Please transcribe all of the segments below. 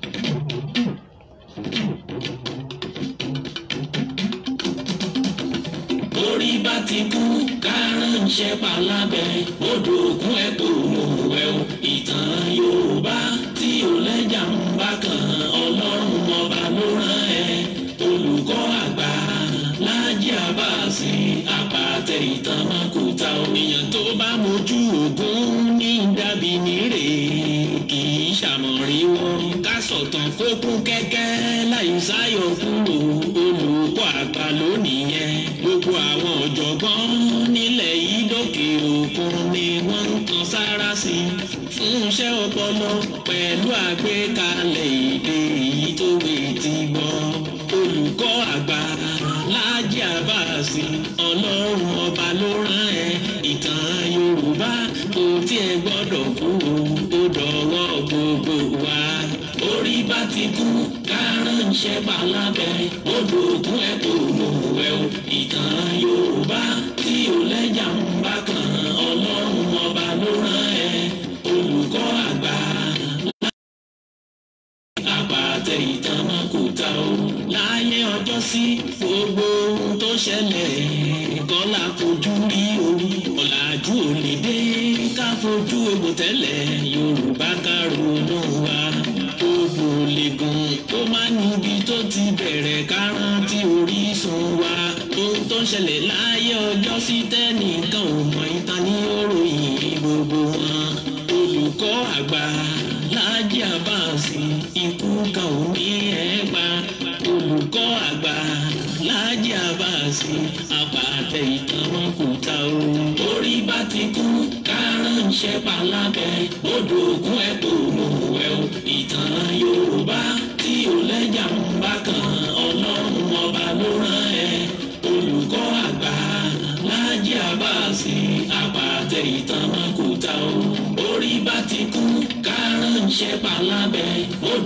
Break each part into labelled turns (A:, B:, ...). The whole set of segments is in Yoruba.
A: orí bá ti kú kárànṣẹ́ palábẹ́ odò òkun ẹ̀ tó mú ẹ o ìtàn Yorùbá tí ò lẹ́jà ń bá kan Ọlọ́run ọba ló rán ẹ olùkọ́ àgbà Láàjì Abbas àpàtẹ ìtàn mọ́kúta omiyan tó bá mojú ògún. tó kú kẹ́kẹ́ láì sáyọ kúrò olùkọ́ àgbà lónìí yẹn gbogbo àwọn ọ̀jọ̀gbọ́n nílẹ̀ yìí lókè òkun ni wọ́n ń kan sára sí fún iṣẹ́ ọpọlọ pẹ̀lú àgbékalẹ̀. ikú kárànṣẹ́ bàlábẹ́ odò òkú ẹ̀ tó lò wẹ́ o ìtàn Yorùbá. ṣẹlẹ̀ láyé ọjọ́ sí tẹ́nìkan ò mọ ìta ní òròyìn gbogbo wọn olùkọ́ àgbà Láàjì Àbáàsì ikú kan ò ní ẹ̀ẹ́gbà olùkọ́ àgbà Láàjì Àbáàsì àpàtẹ ìtàn wọn kò ta o. orí bá ti kú kárànṣẹ́ palábẹ́ odò òkun ẹ̀ tó mú ẹ o ìtàn Yorùbá.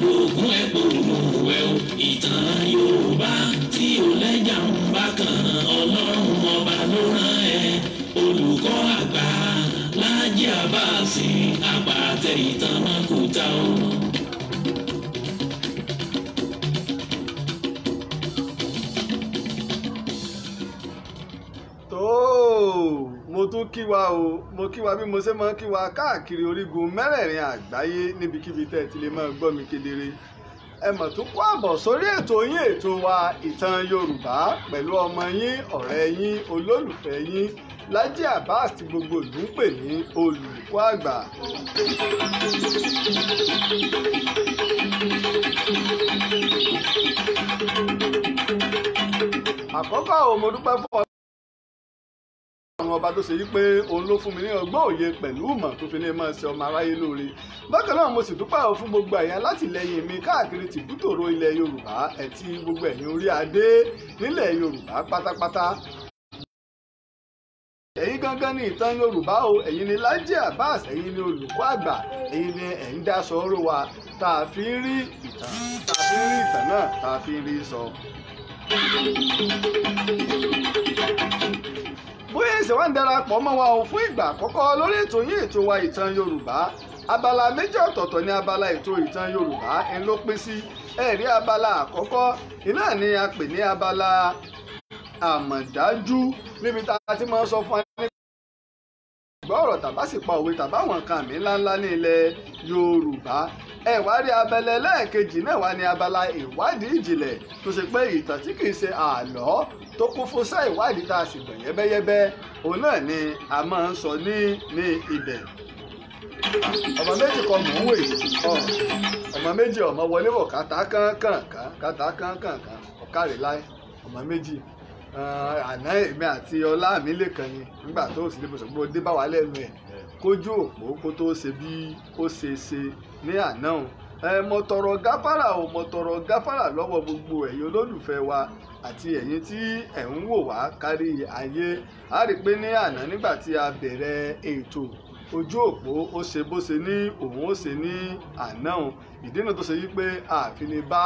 A: lóògùn ẹgbòròmù ẹ o ìtàn Yorùbá tí ò lẹ́jà ń bá kan Ọlọ́run ọba ló rán ẹ olùkọ́ àgbà Láàjì Àbáàsì àpàtẹ ìtàn náà kò ta o.
B: mo tún kí wa o mo kí wa bí mo ṣe máa ń kí wa káàkiri orígun mẹ́rẹ̀ẹ̀rin àgbáyé níbikíbi tẹ́ ẹ ti lè máa gbọ́ mi kedere ẹ mọ̀ tún kó àbọ̀ sórí ètò yín ètò wa ìtàn Yorùbá pẹ̀lú ọmọ yín ọ̀rẹ́ yín olólùfẹ́ yín Lájí Abbas tí gbogbo ìlú ń pè ní olùkọ́ àgbà. àkọ́kọ́ àwọn ọmọ fún ọ ọlọ́run ọba tó ṣe yí pé òun ló fún mi ní ọgbọ́n òye pẹ̀lú ìmọ̀ tó fi ní máa ṣe ọmọ aráyé lóore bákan náà mo sì dúpẹ́ àwọn fún gbogbo àyàn látìlẹyìn mi káàkiri tìbútòrò ilẹ̀ yorùbá ẹ̀tí gbogbo ẹ̀yìn orí adé nílẹ̀ yorùbá pátápátá ẹ̀yin gangan ni ìtàn yorùbá o ẹ̀yin ni Laji Abbas ẹ̀yin ni olùkọ́ àgbà ẹ̀yin ni ẹ̀ ń dá sọ̀rọ̀ wa tá a tá a fi ń rí ìtàn náà tá a fi ń rí sọ bóyá ẹsẹ̀ wá ń darapọ̀ mọ́ wa ò fún ìgbà àkọ́kọ́ lórí ètò yín ètò wa ìtàn yorùbá abala méjì ọ̀tọ̀ọ̀tọ̀ ní abala ètò ìtàn yorùbá ń ló pín sí ẹ̀rí abala àkọ́kọ́ iná ni a pè ní abala àmọ̀dájú níbi tá a ti máa sọ fún ẹni gbọ́ ọ̀rọ̀ tàbá sì pa òwe tàbá àwọn nǹkan àmì ńláńlá ní ilẹ̀ yorùbá ẹ̀wárí abala ẹlẹ́ẹ̀kejì náà wà ní abala ìwádìí ìjìnlẹ̀ tó ṣe pé ìtàn tí kìí ṣe àlọ́ tó kún fún sẹ́ ìwádìí tá a sì gbọ̀n òun ni a máa ń sọ ní ní ibẹ̀. ọmọ méjì kan mò ń wè ọmọ méjì ọmọ wọlé bọ̀ kàtà kánkànkán kàtà ọmọ méjì àná èmi àti ọlá kójú òpó kó tó ṣe bí ó ṣe ṣe ní àná ẹ mo tọrọ gáfárà o mo tọrọ gáfárà lọ́wọ́ gbogbo ẹ̀yin olólùfẹ́ wa àti ẹ̀yin tí ẹ̀ ń wò wá kárí ayé a rí pé ní àná nígbà tí a bẹ̀rẹ̀ ètò ojú òpó ó ṣe bó ṣe ní òun ó ṣe ní àná ìdí náà tó ṣe yí pé àfi lè bá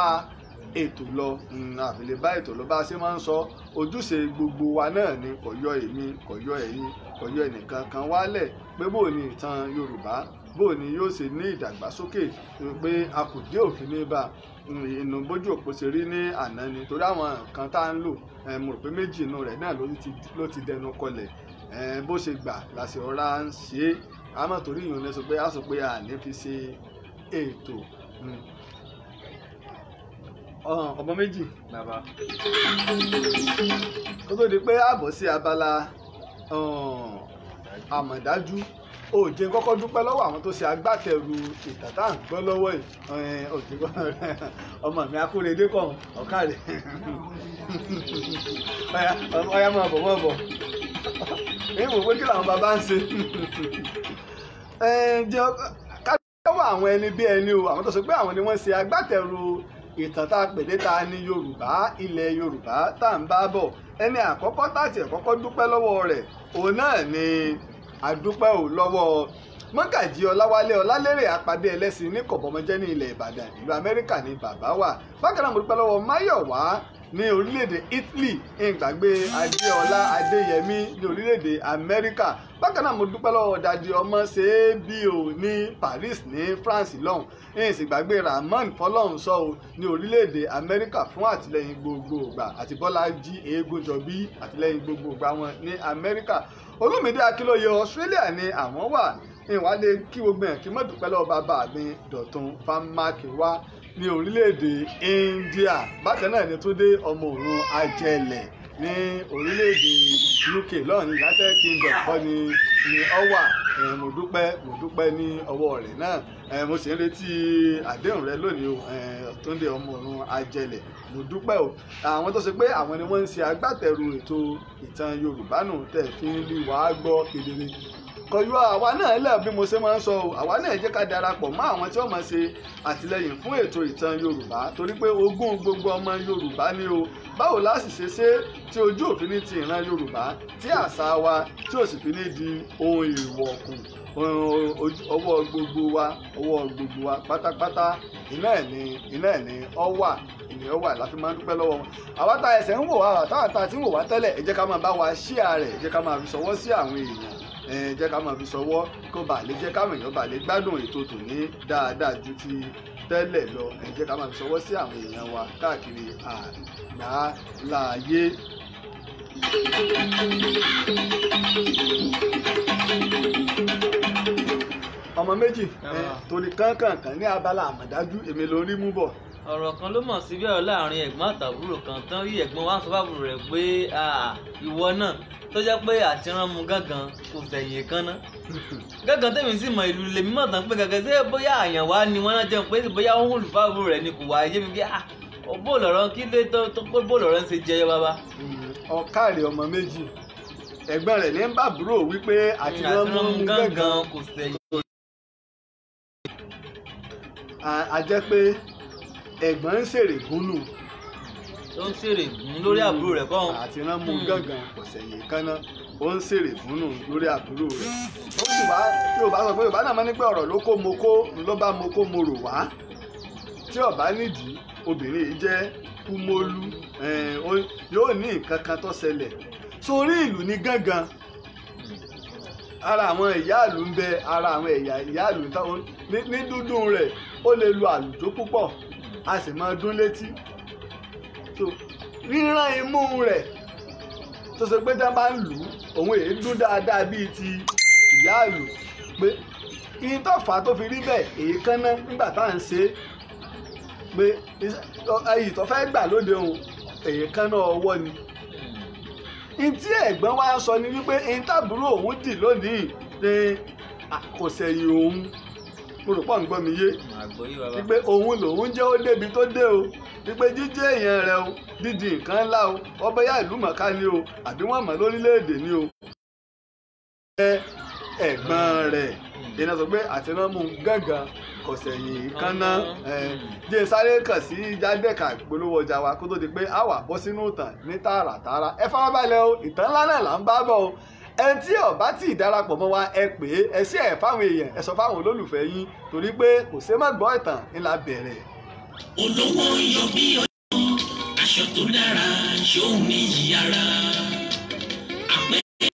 B: ètò lọ àfi lè bá ètò lọ bá a ṣe máa ń sọ ojúṣe gbogbo wa náà ni kò yọ èmi kò yọ ẹ̀yin kò yọ ẹnìkan kan wálẹ̀ pé bó ni ìtàn Yorùbá bó ni yóò ṣe ní ìdàgbàsókè pé akùdé òfin ní bá inú bójú òpó ṣe rí ní àná ni torí àwọn nǹkan tá à ń lò mo rò pé méjì inú rẹ̀ náà ló ti dẹnu kọlẹ̀ bó ṣe gbà làṣẹ ọ̀rá ń ṣe é àmọ́ torí ìyọ̀n lẹ́sọ pé a sọ pé a ní fi ṣe ètò hmm. ọmọ méjì bàbá kó tó di pé àbọ̀ sí abala àmọ̀dájú òjè kọ́kọ́ dúpẹ́ lọ́wọ́ àwọn tó ṣe agbátẹrù ìtàtà ń gbọ́ lọ́wọ́ yìí òjè ọmọ mi akúrẹ́dé kọ̀ ọ̀ká rẹ̀ ọ̀yá máa bọ̀ máa bọ̀ èyí wò pé kí làwọn bàbá ń ṣe jẹ́ kájọ́wọ́ àwọn ẹni bí ẹni o àwọn tó sọ pé àwọn ni wọ́n ṣe agbátẹrù ìtàn tá a pè dé ta ni yorùbá ilẹ̀ yorùbá tá à ń bá bọ̀ ẹni àkọ́kọ́ tàti ẹ̀kọ́kọ́ dúpẹ́ lọ́wọ́ rẹ̀ òun náà ni àdúpẹ́ ò lọ́wọ́ mọ́gàjí ọláwálé ọlálérè àpàdé ẹlẹ́sìn ní kọ̀bọ̀mọjẹ́ ní ilẹ̀ ìbàdàn ìlú amẹ́ríkà ní bàbá wà bákan náà mo dúpẹ́ lọ́wọ́ máyọ̀wá ní orílẹ̀-èdè Italy ìgbàgbé Adéọlá Adéyẹmí ní orílẹ̀-èdè Amẹ́ríkà bákan náà mo dúpẹ́ lọ́wọ́ Dádì ọmọ ṣe é bí o ní Paris ní France lọ́hùn ìyìn sì gbàgbé Rahman Fọlọ́runṣọ́ o ní orílẹ̀-èdè Amẹ́ríkà fún àtìlẹ́yìn gbogbogbà àti Bọ́lájí Ẹ̀ẹ́gúnjọbí àtìlẹ́yìn gbogbogbà wọn ní Amẹ́ríkà Olúmídé Akínlóye Australia ni àwọn wà ìwádìí kí gbogbo ẹ̀ kí mọ̀dúpẹ́ lọ́wọ́ bàbá mi Dọ̀tun Fámákì wá ní orílẹ̀-èdè India bákan náà ni Túndé ọmọ òrun ajẹlẹ̀ ní orílẹ̀-èdè UK lọ́ọ̀ni United Kingdom kọ́ ni ni ọ wà mo dúpẹ́ mo dúpẹ́ ní ọwọ́ rẹ̀ náà mo sì ń retí àdéhùn rẹ lónìí o Túndé ọmọ ọ̀run ajẹlẹ̀ mo dúpẹ́ o àwọn tó ṣe pé àwọn ni wọ́n ń ṣe agbátẹrù ètò ìtàn Yorùbá nù tẹ̀ fi ń rí wàá gbọ́ kedere kọjú àwa náà lẹ̀ bí mo ṣe máa ń sọ o àwa náà jẹ́ ká darapọ̀ mọ́ àwọn tí wọ́n máa ṣe àtìlẹyìn fún ètò ìtàn yorùbá torí pé ogún gbogbo ọmọ yorùbá ni o báwo láti ṣe ṣe tí ojú òfin ní ti ìran yorùbá tí àṣà wa tí ò sì fi ní di ohun ìwọ̀kùn ọwọ́ gbogbo wa ọwọ́ gbogbo wa pátápátá iná ẹ̀ ni iná ẹ̀ ni ọ wà ènìyàn wà láti máa ń dúpẹ́ lọ́wọ́ wọn àwa ta ẹsẹ̀ ń wò wá àtàwọn ta ti ń wò wá tẹ́lẹ̀ ẹ jẹ́ ká máa bá wa ṣíà rẹ̀ ẹ jẹ́ ká máa fi ṣọwọ́ sí àwọn èèyàn jẹ́ ká máa fi ṣọwọ́ kó bà lè jẹ́ káwọn èèyàn bà lè gbádùn ètò tòní dáadáa ju ti tẹ́lẹ̀ lọ ẹ ká máa fi ṣọwọ́ sí àwọn èèyàn wa káàkiri àgbáláyé. ọmọ méjì eh, torí kankan kan ní abala àmọ̀dájú èmi ló ń rí mú bọ̀
C: ọ̀rọ̀ kan ló mọ̀ sí bí ọ̀rọ̀ láàrin ẹ̀gbọ́n àtàbúrò kan tán rí ẹ̀gbọ́n wa sọ fábùrò rẹ̀ pé ìwọ náà tó jẹ́ pé àtirán mu gángan kò fẹ̀yìn kan ná gángan tẹ̀mí sì mọ ìlú lèmi mọ̀ tán pé gángan ṣé bóyá àyàn wa ni wọ́n náà jẹun pé bóyá ó ń rẹ̀ ni kò wá yé mi pé bóòlù ọ̀rọ̀ kí lé tó pé bóòlù ọ̀rọ̀ ń ṣe jẹyọ bàbá. Hmm, ọ̀kàrẹ̀ ọmọ méjì ẹ̀gbọ́n rẹ̀ ní
B: bàbúrò wípé àtirán mu hmm, gángan kò fẹ̀yìn. a ẹ̀gbọ́n ń ṣèrè gúnnù. ó ń ṣèrè gún lórí àbúrò rẹ̀ kọ́. àti rán mú hmm. gángan kò sẹ̀yìn kánná ó ń ṣèrè gúnnù lórí àbúrò rẹ̀. ó sì wá tí o bá sọ pé Yorùbá náà máa ní pé ọ̀rọ̀ ló kó mo kó ló bá mo kó mo rò wá tí ọ̀bá nídìí obìnrin yìí jẹ́ kúmólú yóò ní nǹkan kan tó ṣẹlẹ̀ sórí ìlú ní gángan ara àwọn ìyá ń bẹ ara àwọn ẹ̀yà ìyá ìlú ní dúdú rẹ̀ ó lè lu àlùjó púpọ̀ a sì máa dún létí rírán imú rẹ̀ tó ṣe pé tá a bá ń lù ú òun èyí dún dáadáa bíi ti ìyá àlù pé iye tó fà á tó fi rí bẹ́ẹ̀ èyí kánná nígbà tá à ń ṣe pé ẹyì tó fẹ́ gbà lóde òun èyí kánná ọwọ́ ni. ntí ẹ̀gbọ́n wa sọ ni wípé ntàbúrò òun dì lónìí ni kò òun. mo rò pọ̀ ń gbọ́ mi yé wípé òun lòun jẹ́ ó débi tó dé o wípé jíjẹ́ èèyàn rẹ o o ìlú màkà ni o àbí wọ́n lórílẹ̀‐èdè ni o. ẹ̀gbọ́n rẹ̀ hmm. ìyẹn sọ pé àtẹnámú gángan ọ̀sẹ̀ yìí kánná jẹ́ hmm. sáré kàn sí jádẹ́ka ìpolówó ọjà wa kó tó di pé a wá bọ́ sínú ìtàn ní tààràtààrà ẹ farabalẹ̀ o ìtàn ńlá ẹn tí ó bá ti mọ́ wa ẹ pè é ẹ sí ẹ̀ fáwọn èèyàn ẹ sọ fáwọn olólùfẹ́ yín torí pé kò ṣe má gbọ́ ìtàn ńlá bẹ̀rẹ̀.
D: olówó yọ bí ọjọ́ aṣọ tó dára ṣóun ní yàrá àpẹẹrẹ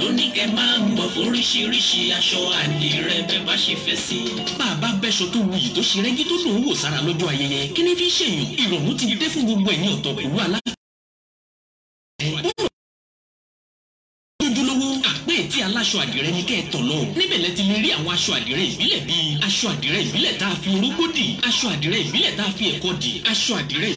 A: lóníkẹ́ máa ń bọ̀ fóríṣiríṣi aṣọ àdìrẹ bẹ́ bá ṣe fẹ́ sí. bàbá bẹ́ṣọ tó wuyì tó ṣe rẹ́gí tó lòun wò sára lọ́jọ́ ayẹyẹ kí ni fi ń ṣèyàn ìrọ̀rùn ti
D: dé fún gbogbo ẹ̀yìn ọ̀tọ̀ pẹ̀lú
A: ojúlówó àpé tí aláṣọ àdìrẹ ni kẹ́ẹ̀tọ̀ lọ níbẹ̀ lẹ ti lè rí àwọn aṣọ àdìrẹ ìbílẹ̀ bíi aṣọ àdìrẹ ìbílẹ̀ tá a fi orógbó dì aṣọ àdìrẹ ìbílẹ̀ tá a fi ẹ̀kọ dì aṣọ àdìrẹ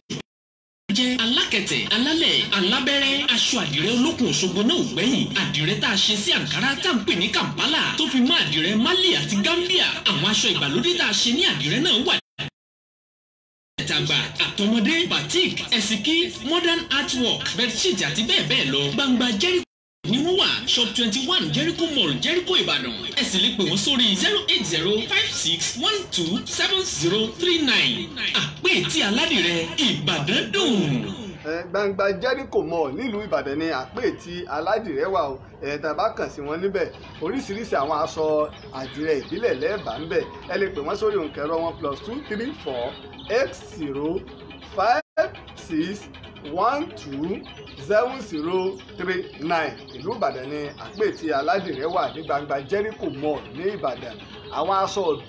A: jẹ́ alákẹ̀tẹ̀ alálẹ̀ alábẹ́rẹ́ aṣọ àdìrẹ olókùn òṣogbo náà ò gbẹ́yìn àdìrẹ tá a ṣe sí àǹkárá tá à ń pè ní kampala tó fi mọ́ àdìrẹ mali àti gambia àwọn aṣọ ìgbàlódé tá a ṣe ní àdìrẹ náà wà àtàgbà àtọmọdé batik ẹ̀sìnkí modern artwork bedsheet àti bẹ́ẹ̀ bẹ́ẹ̀ lọ gbangba jẹ́rìkò ní wúwà shop twenty one jericho mall jericho ìbàdàn ẹ sì lè pè wọ́n sórí zero eight zero five six one two seven zero three nine àpè tí aládìrẹ ìbàdàn dùn.
B: gbangba jericho mall nílùú ìbàdàn ni àpè tí aládìrẹ wà o ẹ̀ẹ́dá bá kàn sí wọn níbẹ̀ oríṣiríṣi àwọn aṣọ àdìrẹ ìbílẹ̀ lẹ́ẹ̀bà ńbẹ̀ ẹ lè pè wọ́n sórí òǹkẹ́rọ wọn plus two three four x zero five six one two seven zero three nine ìlú ìbàdàn ni àpètì aládìrẹ wà ní gbangba jericho mall ní ìbàdàn àwọn aṣọ ọ̀bí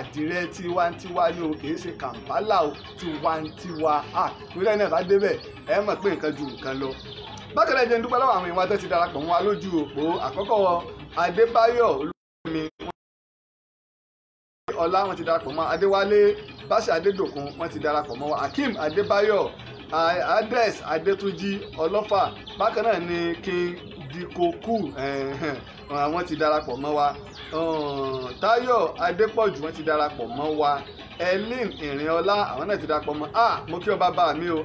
B: àdìrẹ tiwantiwa ni o kì í ṣe kàmpálà o tiwantiwa a torí ẹni àbá débẹ̀ ẹ mọ̀ pé nǹkan ju nǹkan lọ. bákan náà jẹ́ ń dúpẹ́ lọ́wọ́ àwọn ìwà tó ti darapọ̀ mọ́ wa lójú òpó àkọ́kọ́ adébáyọ̀ olúwa mi wọ́n ọlá wọ́n ti darapọ̀ mọ́ adéwálé báṣà adédòkun wọ́n ti darapọ̀ mọ́ akeem adébáyọ̀ adres adétúnjì ọlọ́fà bákan náà ni king dikoku wọ́n ti darapọ̀ mọ́ wa táyọ̀ adépọ̀jù wọ́n ti darapọ̀ mọ́ wa elin ìrìnọlá àwọn náà ti darapọ̀ mọ́ a ah, mo kí ọ bàbá mi o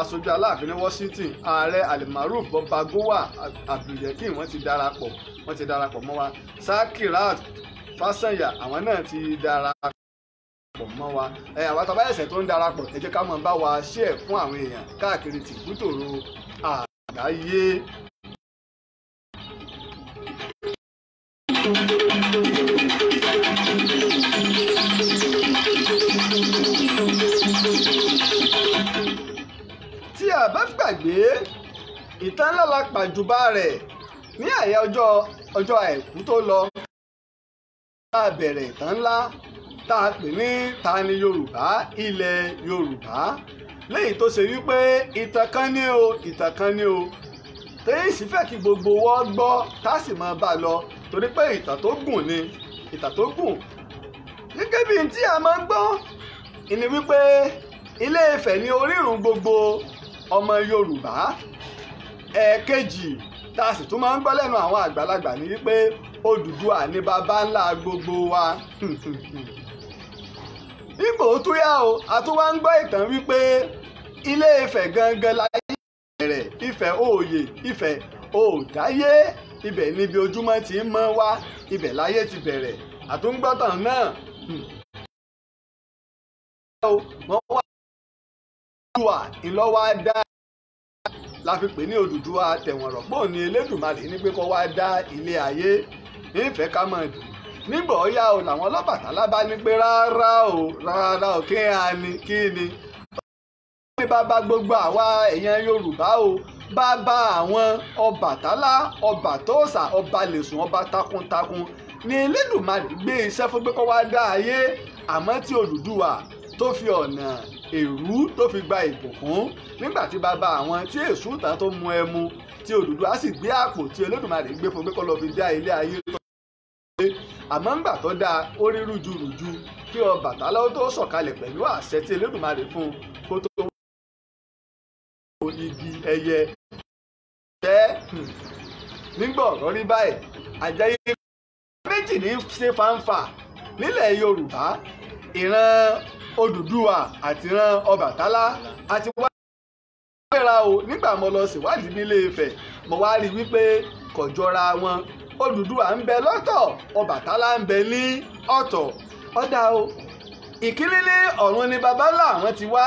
B: aṣojú aláàfin ní washington ààrẹ alimaruf bọba gowa abdulyakin wọ́n ti darapọ̀ wọ́n ti darapọ̀ mọ́ wa sakirat fásanyà àwọn náà ti darapọ̀ mọ́ wa ẹ àwa tó bá ẹ̀sẹ̀ tó ń darapọ̀ ẹ jẹ́ ká máa bá wa share fún àwọn èèyàn káàkiri tìbútòrò àgbáyé. tí a bá gbàgbé ìtàn ńlá la pàjùbà rẹ̀ ní àyà ọjọ́ ọjọ́ àìkú tó lọ tá a bẹ̀rẹ̀ ìtàn ńlá tá a pè ní ta ni Yorùbá ilẹ̀ Yorùbá lẹ́yìn tó ṣe wípé ìtàn kan ní o ìtàn kan ní o tẹ́yìn sì fẹ́ kí gbogbo wọ́ gbọ́ tá sì máa bá a lọ torí pé ìtàn tó gùn ni ìtàn tó gùn gẹ́gẹ́ bíi tí a máa ń gbọ́ ìní wípé Ilé Ifẹ̀ ní orírun gbogbo ọmọ Yorùbá ẹ̀ẹ̀kejì tá a sì tún máa ń gbọ́ lẹ́nu àwọn àgbàlagbà ni wípé Odùduwà ni bàbá ńlá gbogbo wa ipò tó yá o àtúwá ń gbọ́ ìtàn wípé ilé Ifẹ̀ gangan láyé rẹ̀ Ifẹ̀ òòyè Ifẹ̀ òòdáyé ibẹ̀ níbi ojúmọ́ ti ń mọ́ wá ibẹ̀ láyé ti bẹ̀rẹ̀ àtúngbọ́tàn náà
E: wọ́n wá Odùduwà
B: ìlọ́wọ́ dá la fi pè ní Odùduwà tẹ̀wọ̀n rọ̀ pọ̀ ní Elédùmarè ní pé kó wá dá ilé ayé ìfẹ́ ká mọ̀ dùn nígbà ọ̀yá o làwọn Ọbàtálá bá ní pé rárá o rárá o kí á ní kí ni. ó ní bàbá gbogbo àwa èèyàn Yorùbá o bàbá àwọn Ọbàtálá ọba tóòṣà ọba lẹ̀sùn ọba takuntakun ni Elédùmarè gbé iṣẹ́ fún pé kó wá dá ayé àmọ́ tí Odùduwà tó fi ọ̀nà èrú tó fi gba ìbùkún nígbà tí bàbá àwọn tí èṣù ìtàn tó mu ẹmu tí Odùduwà sì gbé àpò tí Elédùmarè gbé fún pé kó lọ fi dá ilé ayé tó àmọ́ ńgbà tó dáa ó rí rújurùju kí Ọbàtálá ó tó sọ̀kalẹ̀ pẹ̀lú àṣẹ tí Elédùmarè fún un kó tó
E: wọ́n igi ẹyẹ jẹ́ hmm,
B: nígbà ọ̀rọ̀ rí báyìí àjẹyẹ méjì ní ṣe fanfa nílẹ̀ Yorùbá ìran Odùduwà àti ìran Ọbàtálá àti wá gbéra o nígbà mo lọ ṣèwádìí nílé Ifẹ̀ mo wá rí wípé kò jọra wọn Odùduwà ń bẹ lọ́tọ̀ Ọbàtálá ń bẹ ní ọ̀tọ̀ ọ̀dà o ìkíní ní ọ̀run ni baba ńlá àwọn ti wá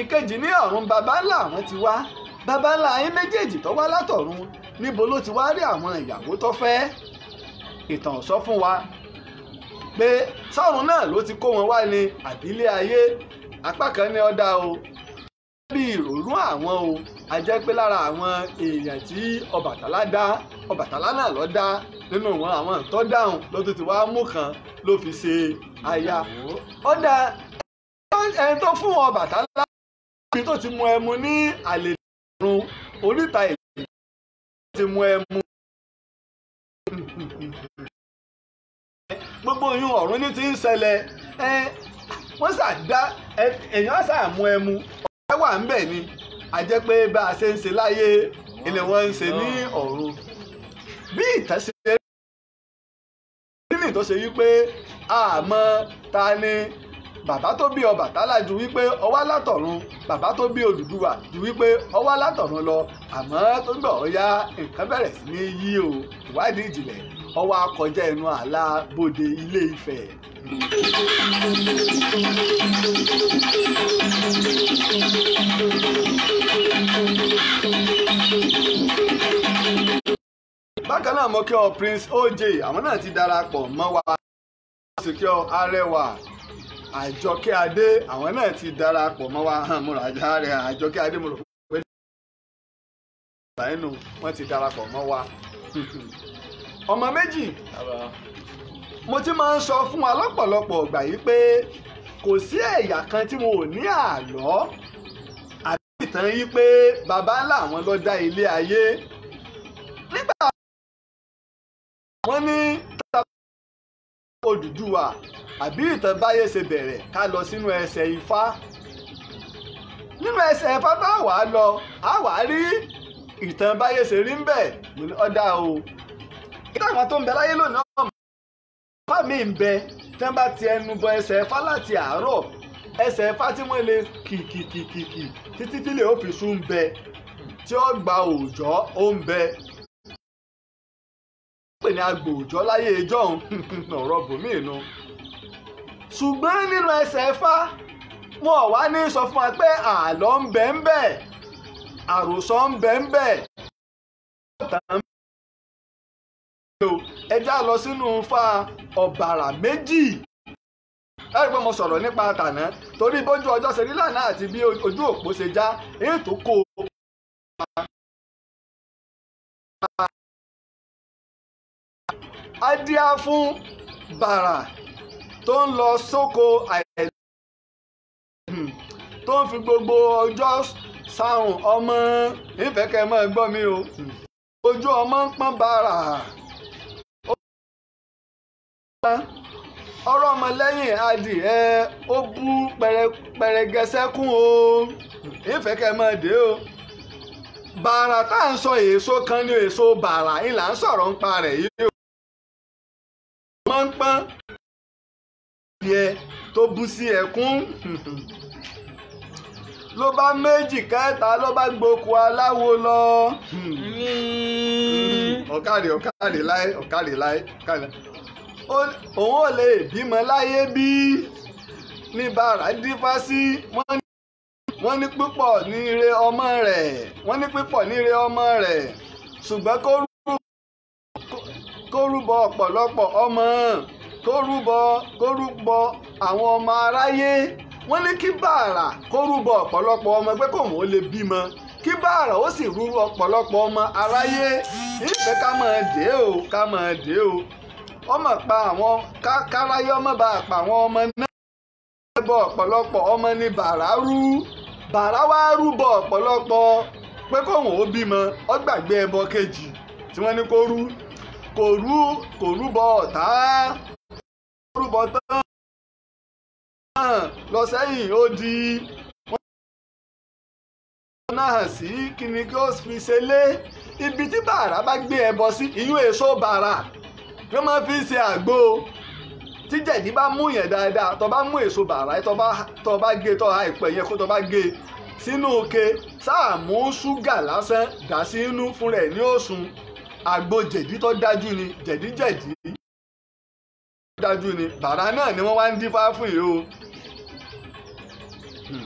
B: ìkejì ní ọ̀run baba ńlá àwọn ti wá baba ńlá ayé méjèèjì tó wá látọ̀run níbo ló ti wá rí àwọn ìyàwó tó fẹ́ ìtàn sọ fún wa pé sọ́run náà ló ti kó wọn wá ní àbílẹ̀ ayé apá kan ní ọ̀dà o bí ìrònú àwọn o a jẹ́ pé lára àwọn èèyàn tí Ọbàtálá dá Ọbàtálá náà ló dá nínú wọn àwọn tó dáhùn ló tún ti wá mú kan ló fi ṣe aya ọ̀dà ẹni tó fún Ọbàtálá ibi tó
E: ti mu ẹmu ní àlejò ọ̀run oríta ìlú ti mu ẹmu gbogbo oyún ọ̀run ní ti ń
B: ṣẹlẹ̀ ẹ wọ́n ṣàdá èèyàn ṣàmú ẹmu ọ̀rẹ́ wà ń bẹ̀ ni a jẹ́ pé bá a ṣe ń ṣe láyé ilé wọn ń ṣe ní ọ̀run bí ìtàn ṣe rí nínú tó ṣe wípé àmọ́ ta ni bàbá tó bí Ọbàtálá ju wípé ó wá látọ̀run bàbá tó bí Odùduwà ju wípé ó wá látọ̀run lọ àmọ́ tó ń gbọ̀ ọ́ yá nǹkan bẹ̀rẹ̀ sí ní yí o ìwádìí ìjìnlẹ̀ ọwọ́ akọjá ẹnu àlá bòde ilé Ifẹ̀. bákan náà mo kí ọ Prince OJ àwọn náà ti darapọ̀ mọ́ wa sìkẹ́ ọ arẹwà àjọkẹ́ adé àwọn náà ti darapọ̀ mọ́ wa hàn múra àjọkẹ́ adé wọ́n ti darapọ̀ mọ́ wa. ọmọ méjì mo ti máa ń sọ fún wa lọ́pọ̀lọpọ̀ ọgbà yìí pé kò sí ẹ̀yà kan tí wọn ò ní àlọ́ àbí ìtàn yìí pé baba ńlá àwọn ló dá ilé ayé nígbà
E: wọn ní tàbí Odùduwà
B: àbí ìtàn báyé ṣe bẹ̀rẹ̀ ká lọ sínú ẹsẹ̀ Ifá nínú ẹsẹ̀ Ifá bá wàá lọ á wàá rí ìtàn báyé ṣe rí ń bẹ̀ ọ̀dà o kí táwọn tó ń bẹ láyé lónìí ọmọ fá mi ń bẹ tẹ́ bá ti ẹnu bọ ẹsẹ̀ ẹ̀fá láti àárọ̀ ẹsẹ̀ ẹ̀fá tí wọ́n lè kìkìkìkì títí tí lè ó fi sùn ń bẹ tí ó gba òòjọ́ ó ń bẹ pè ní agbo òòjọ́ láyé ẹjọ́ ọ̀rọ̀ bòmí inú ṣùgbọ́n nínú ẹsẹ̀ ẹ̀fá wọn ò wá ní sọ fún wa pé àlọ́ ń bẹ ń bẹ àròsọ ń bẹ ń bẹ o ẹja lọ sínú fa ọ̀bàrà méjì láti pé mo sọ̀rọ̀ nípa tàná torí bójú ọjọ́ ṣe rí lánàá àti bí ojú òpó ṣe
E: já ètò kó o. adíá fún bàrà tó
B: ń lọ sóko àìsàn tó ń fi gbogbo ọjọ́ sáhùn ọmọ ìfẹ́kẹ́ mọ́ ẹ gbọ́ mi o ojú ọmọ ń pọ́n bàrà. Ọrọ ọmọlẹ́yìn adì ẹ ó bú pẹ̀rẹ̀gẹ̀sẹ́kún o ìfẹ́ kẹ́ máa dé o bàrà tá à ń sọ èso kan ní èso bàrà
E: ìlà ń sọ̀rọ̀ ń pa rẹ̀ yìí o máa ń pọ́n
B: yẹ tó bú sí ẹkún ló bá méjì kẹta ló bá gboku aláwo lọ òun ò lè bímọ láyé bí ní bàrà dífá sí wọ́n ní pípọ̀ ní ire ọmọ rẹ̀ wọ́n ní pípọ̀ ní ire ọmọ rẹ̀ ṣùgbọ́n kó rúbọ ọ̀pọ̀lọpọ̀ ọmọ kó rúbọ kó rúbọ àwọn ọmọ aráyé wọ́n ní kí bàrà kó rúbọ ọ̀pọ̀lọpọ̀ ọmọ ẹgbẹ́ kò mọ̀ ó lè bímọ kí bàrà ó sì rúbọ ọ̀pọ̀lọpọ̀ ọmọ aráyé ìfẹ́ ká máa dé o ká máa dé o ọmọ pa àwọn káráyé ọmọ bá pa àwọn ọmọ náà ẹbọ ọ̀pọ̀lọpọ̀ ọmọ ní bàrá rú bàrá wá rúbọ ọ̀pọ̀lọpọ̀ pé kóhùn ó bímọ ó gbàgbé ẹbọ kejì tí wọ́n ní kó rú kò rú kò rúbọ ọ̀tá rúbọ tán
E: lọ sẹ́yìn ó di wọ́n
B: náà hàn sí kíni kí ó fi ṣe lé ibi tí bàrá bá gbé ẹbọ sí ìyún èso bàrá. tí wọ́n máa fi ń ṣe àgbo tí jẹ̀dí bá mú yẹn dáadáa tó bá mú èso bàrà tó bá gé tó àìpẹ́ yẹn kó tó bá gé sínú oke sáàmú ṣúgà lásán dà sí inú fún rẹ̀ ní òsùn àgbo jẹ̀dí tó dájú ni jẹ̀díjẹ̀dí tó dájú ni bàrà náà ni wọ́n wá ń dífá fún yìí o. Hmm.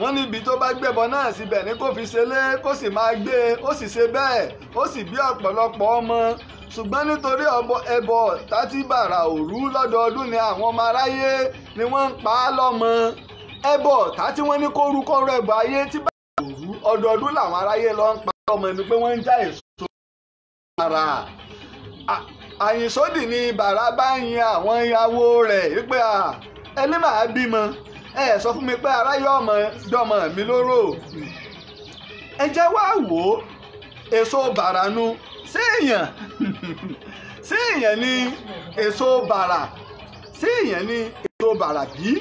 B: wọ́n níbi tó bá gbẹ̀bọ náà síbẹ̀ ni kò fi ṣe lé kó sì máa gbé e, ó sì ṣe bẹ́ẹ̀ ó sì bí ọ̀pọ̀lọpọ̀ ọmọ ṣùgbọ́n nítorí ẹbọ tàti bàrà òru lọ́dọọdún ni àwọn ọmọ aráyé ni wọ́n ń pa á lọ́mọ ẹbọ tàti wọ́n ní kórúkọ rẹ̀ bọ̀ ayé tí bàrà òru ọdọọdún làwọn aráyé lọ́ ń pa á lọ́mọ ni pé wọ́n ń já èso bàrà àyìnsódì ni bàrà bá ń yin àwọn ìyàwó rẹ̀ wípé ẹni màá bímọ ẹ sọ fún mi pé aráyé ọmọ dọmọ mi lóró ẹ jẹ́ wá wò ó èso bàrà nu séèyàn séèyàn ni èso bàrà séèyàn ni èso bàrà bí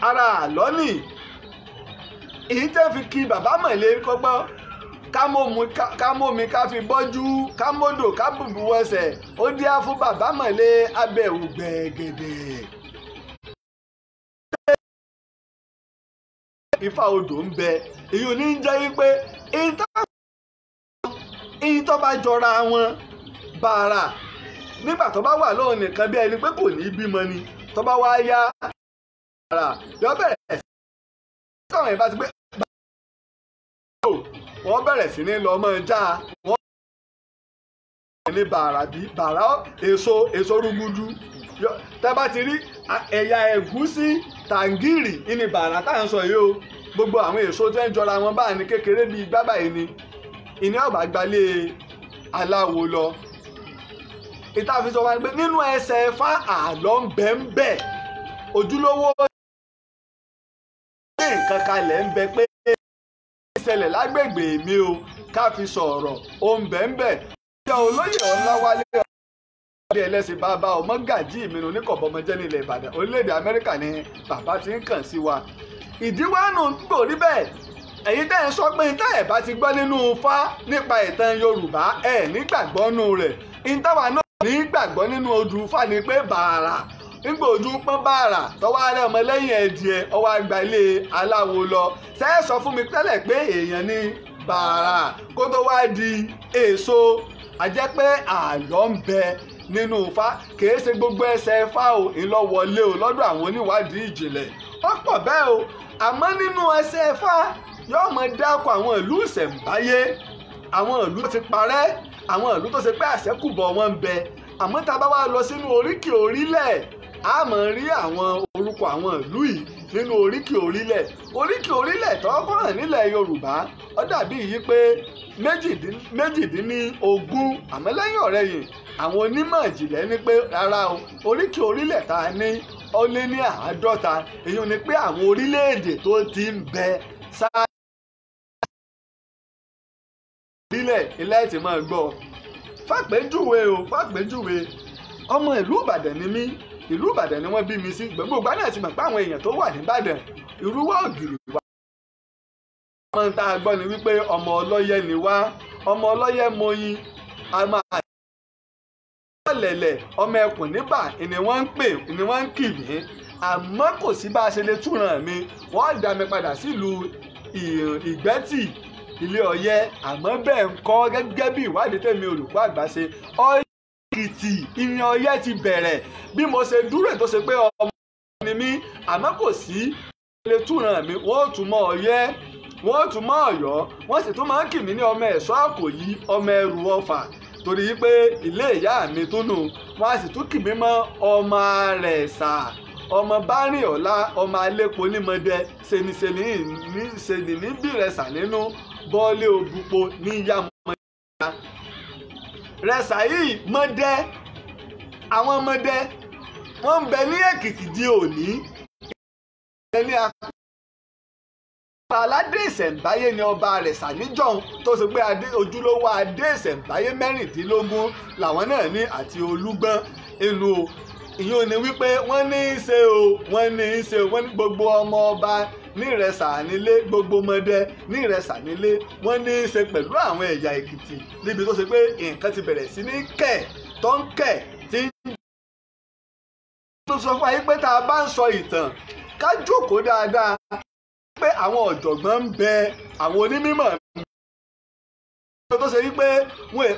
B: ara àlọ́ nì èyí tẹ́ fi kí bàbá mọ̀lẹ́ kọ́gbọ́n ká mómi ká fi bọ́jú ká módò ká bùbù wọsẹ̀ ó díá fún bàbá mọ̀lẹ́ abẹ́wò
E: gbẹ̀gẹ̀dẹ̀.
B: ifá odò ń bẹ èyí ò ní jẹ́ yí pé ìta èyí tó bá jọra wọn bàrà nígbà tó bá wà lóhùn nìkan bí ẹni pé kò ní bímọ ni tó bá wá yá bàrà yọ bẹ̀rẹ̀ sí
E: káwọn yẹn bá ti gbé wọ́n bẹ̀rẹ̀ sí ní lọ mọ́ já
B: wọ́n ní bàrà bí bàrà èso èso rúgúdú tẹ́ bá ti rí ẹ̀yà ẹ̀gúsí tàǹgìrì ní bàrà tá à ń sọ yìí o gbogbo àwọn èso tẹ́ ń jọra wọn báà ní kékeré bíi gbábàá yìí ni ìní ọ̀bà gbalé aláwo lọ ìta fi sọ wáyé pé nínú ẹsẹ̀ ẹ̀fá àlọ́ ń bẹ ń bẹ ojúlówó ṣe nǹkan kalẹ̀ ń bẹ pé ìṣẹ̀lẹ̀ lágbègbè mi o ká fi sọ̀rọ̀ ó ń bẹ ń bẹ. ìjọ olóyè ọ̀làwálé ọ̀dẹ ẹlẹ́sìn bàbá ọmọ gàjí ìmìnira oníkọ̀bọmọjẹ́ nílẹ̀ ìbàdàn orílẹ̀-èdè amẹ́ríkà ni bàbá ti ń kàn sí wa. ìdíwọ́nù ń gbòrí bẹ́ẹ̀ ẹ̀yin tẹ́ ẹ̀ ń sọ pé tẹ́ ẹ̀ bá ti gbọ́ nínú Ifá nípa ìtàn Yorùbá ẹ̀ nígbàgbọ́ nù rẹ̀ ìtawà náà nígbàgbọ́ nínú odù Ifá ni pé bàrà nígbà ojú pọ́n bàrà tọ́wọ́ rẹ̀ ọmọlẹ́yìn ẹ̀dìẹ ọwọ́ àgbà ilé aláwo lọ ṣe é sọ fún mi tẹ́lẹ̀ pé èèyàn ni bàrà kó tó wá di èso àjẹ́ pé àlọ́ ń bẹ nínú Ifá kìí ṣe gbogbo ẹsẹ̀ Ifá o ìlọ́wọlé o lọ́dọ̀ àwọn oníwádìí ìjìnlẹ̀ ọ̀pọ̀ bẹ́ẹ̀ o àmọ́ nínú ẹsẹ̀ Ifá yóò mọ dákọ àwọn ìlú ìṣẹ̀ǹbáyé àwọn ìlú tó ti parẹ́ àwọn ìlú tó ṣe pé àṣẹ́kùbọ̀ wọn ń bẹ àmọ́ tá a bá wá lọ sínú oríkì orílẹ̀ a mọ̀ rí àwọn orúkọ àwọn ìlú yìí nínú oríkì orílẹ̀ oríkì orílẹ̀ tọ́kọ́ hàn nílẹ̀ Yorùbá ó dàbí yìí pé méjìdínlógún àmọ́ lẹ́yìn ọ̀rẹ́yìn àwọn onímọ̀ ìjìnlẹ̀ ní pé rárá o oríkì orílẹ̀ tá a ní ó lé ní àádọ́ta èyí ni pé àwọn orílẹ̀-èdè tó ti
E: ń bẹ ṣáájú. sílẹ̀ ilé ẹ̀
B: ti máa gbọ́ fàpèjúwe o fàpèjúwe ọmọ ìlú ìbàdàn ni mí ìlú ìbàdàn ni wọ́n bí mi sí gbogbo ìgbà náà ti mọ̀ pé àwọn èèyàn tó wà níbàdàn ìrúwá ògìrì wà. ọmọ tá a gbọ́ ni wípé ọmọ ọlọ́yẹ ni wá ọmọ ọlọ́yẹ mọyin a máa lẹ̀lẹ̀ ọmọ ẹkùn níbà ni wọ́n ń pè ni wọ́n ń kì mí àmọ́ kò sí bá a ṣe lè túràn mi wọ́n dá mi padà sílùú ìgbẹ́tì ilé ọyẹ àmọ́ bẹ́ẹ̀ ń kọ́ gẹ́gẹ́ bí ìwádìí tèmi olùkọ́ àgbà ṣe ọyẹ èkìtì ìyẹn ọyẹ ti bẹ̀rẹ̀ bí mo ṣe dúró tó ṣe pé ọmọ mi mi àmọ́ kò sí ilé túràn mi wọ́n tún mọ ọyẹ wọ́n tún mọ ọ̀yọ́ wọ́n sì tún máa ń kì mí ní ọmọ ẹ̀ṣọ́ àkòyí ọmọ ẹrù ọfà torí pé ilé ìyá mi tún nù wọ́n á sì tún kì mí mọ́ ọmọ rẹ̀ sáà ọmọ bárìn ọ̀la ọmọ alẹ́pọ̀ onímọ̀dẹ ṣèníṣèní ní bìrẹ̀sà nínú bọ́ọ̀lì ògùnpọ̀ ní yàmọ̀ ìyá rẹsàyí mọ́dẹ́ àwọn mọ́dẹ́ wọ́n ń bẹ ní èkìtì di òní ẹni àpá aládé ìṣẹ̀ǹbáyé ni ọba rẹ̀ sàníjọ́hún tó sọ pé ojúlówó adé ìṣẹ̀ǹbáyé mẹ́rìndínlógún làwọn náà ní àti olúgbọ́n ìlú ìyóni wípé wọ́n ní í ṣe o wọ́n ní í ṣe o wọ́n ní gbogbo ọmọ ọba ní ìrẹsà nílé gbogbo mọdẹ ní ìrẹsà nílé wọ́n ní í ṣe pẹ̀lú àwọn ẹ̀yà èkìtì níbi tó ṣe pé nǹkan ti bẹ̀rẹ̀ sí ní kẹ̀ tó ń kẹ̀ tí
E: tó sọ fún ayé pé tá a bá ń sọ ìtàn ká jókòó dáadáa pé
B: àwọn ọ̀jọ̀gbọ́n ń bẹ àwọn onímọ̀ ń tó ṣe wípé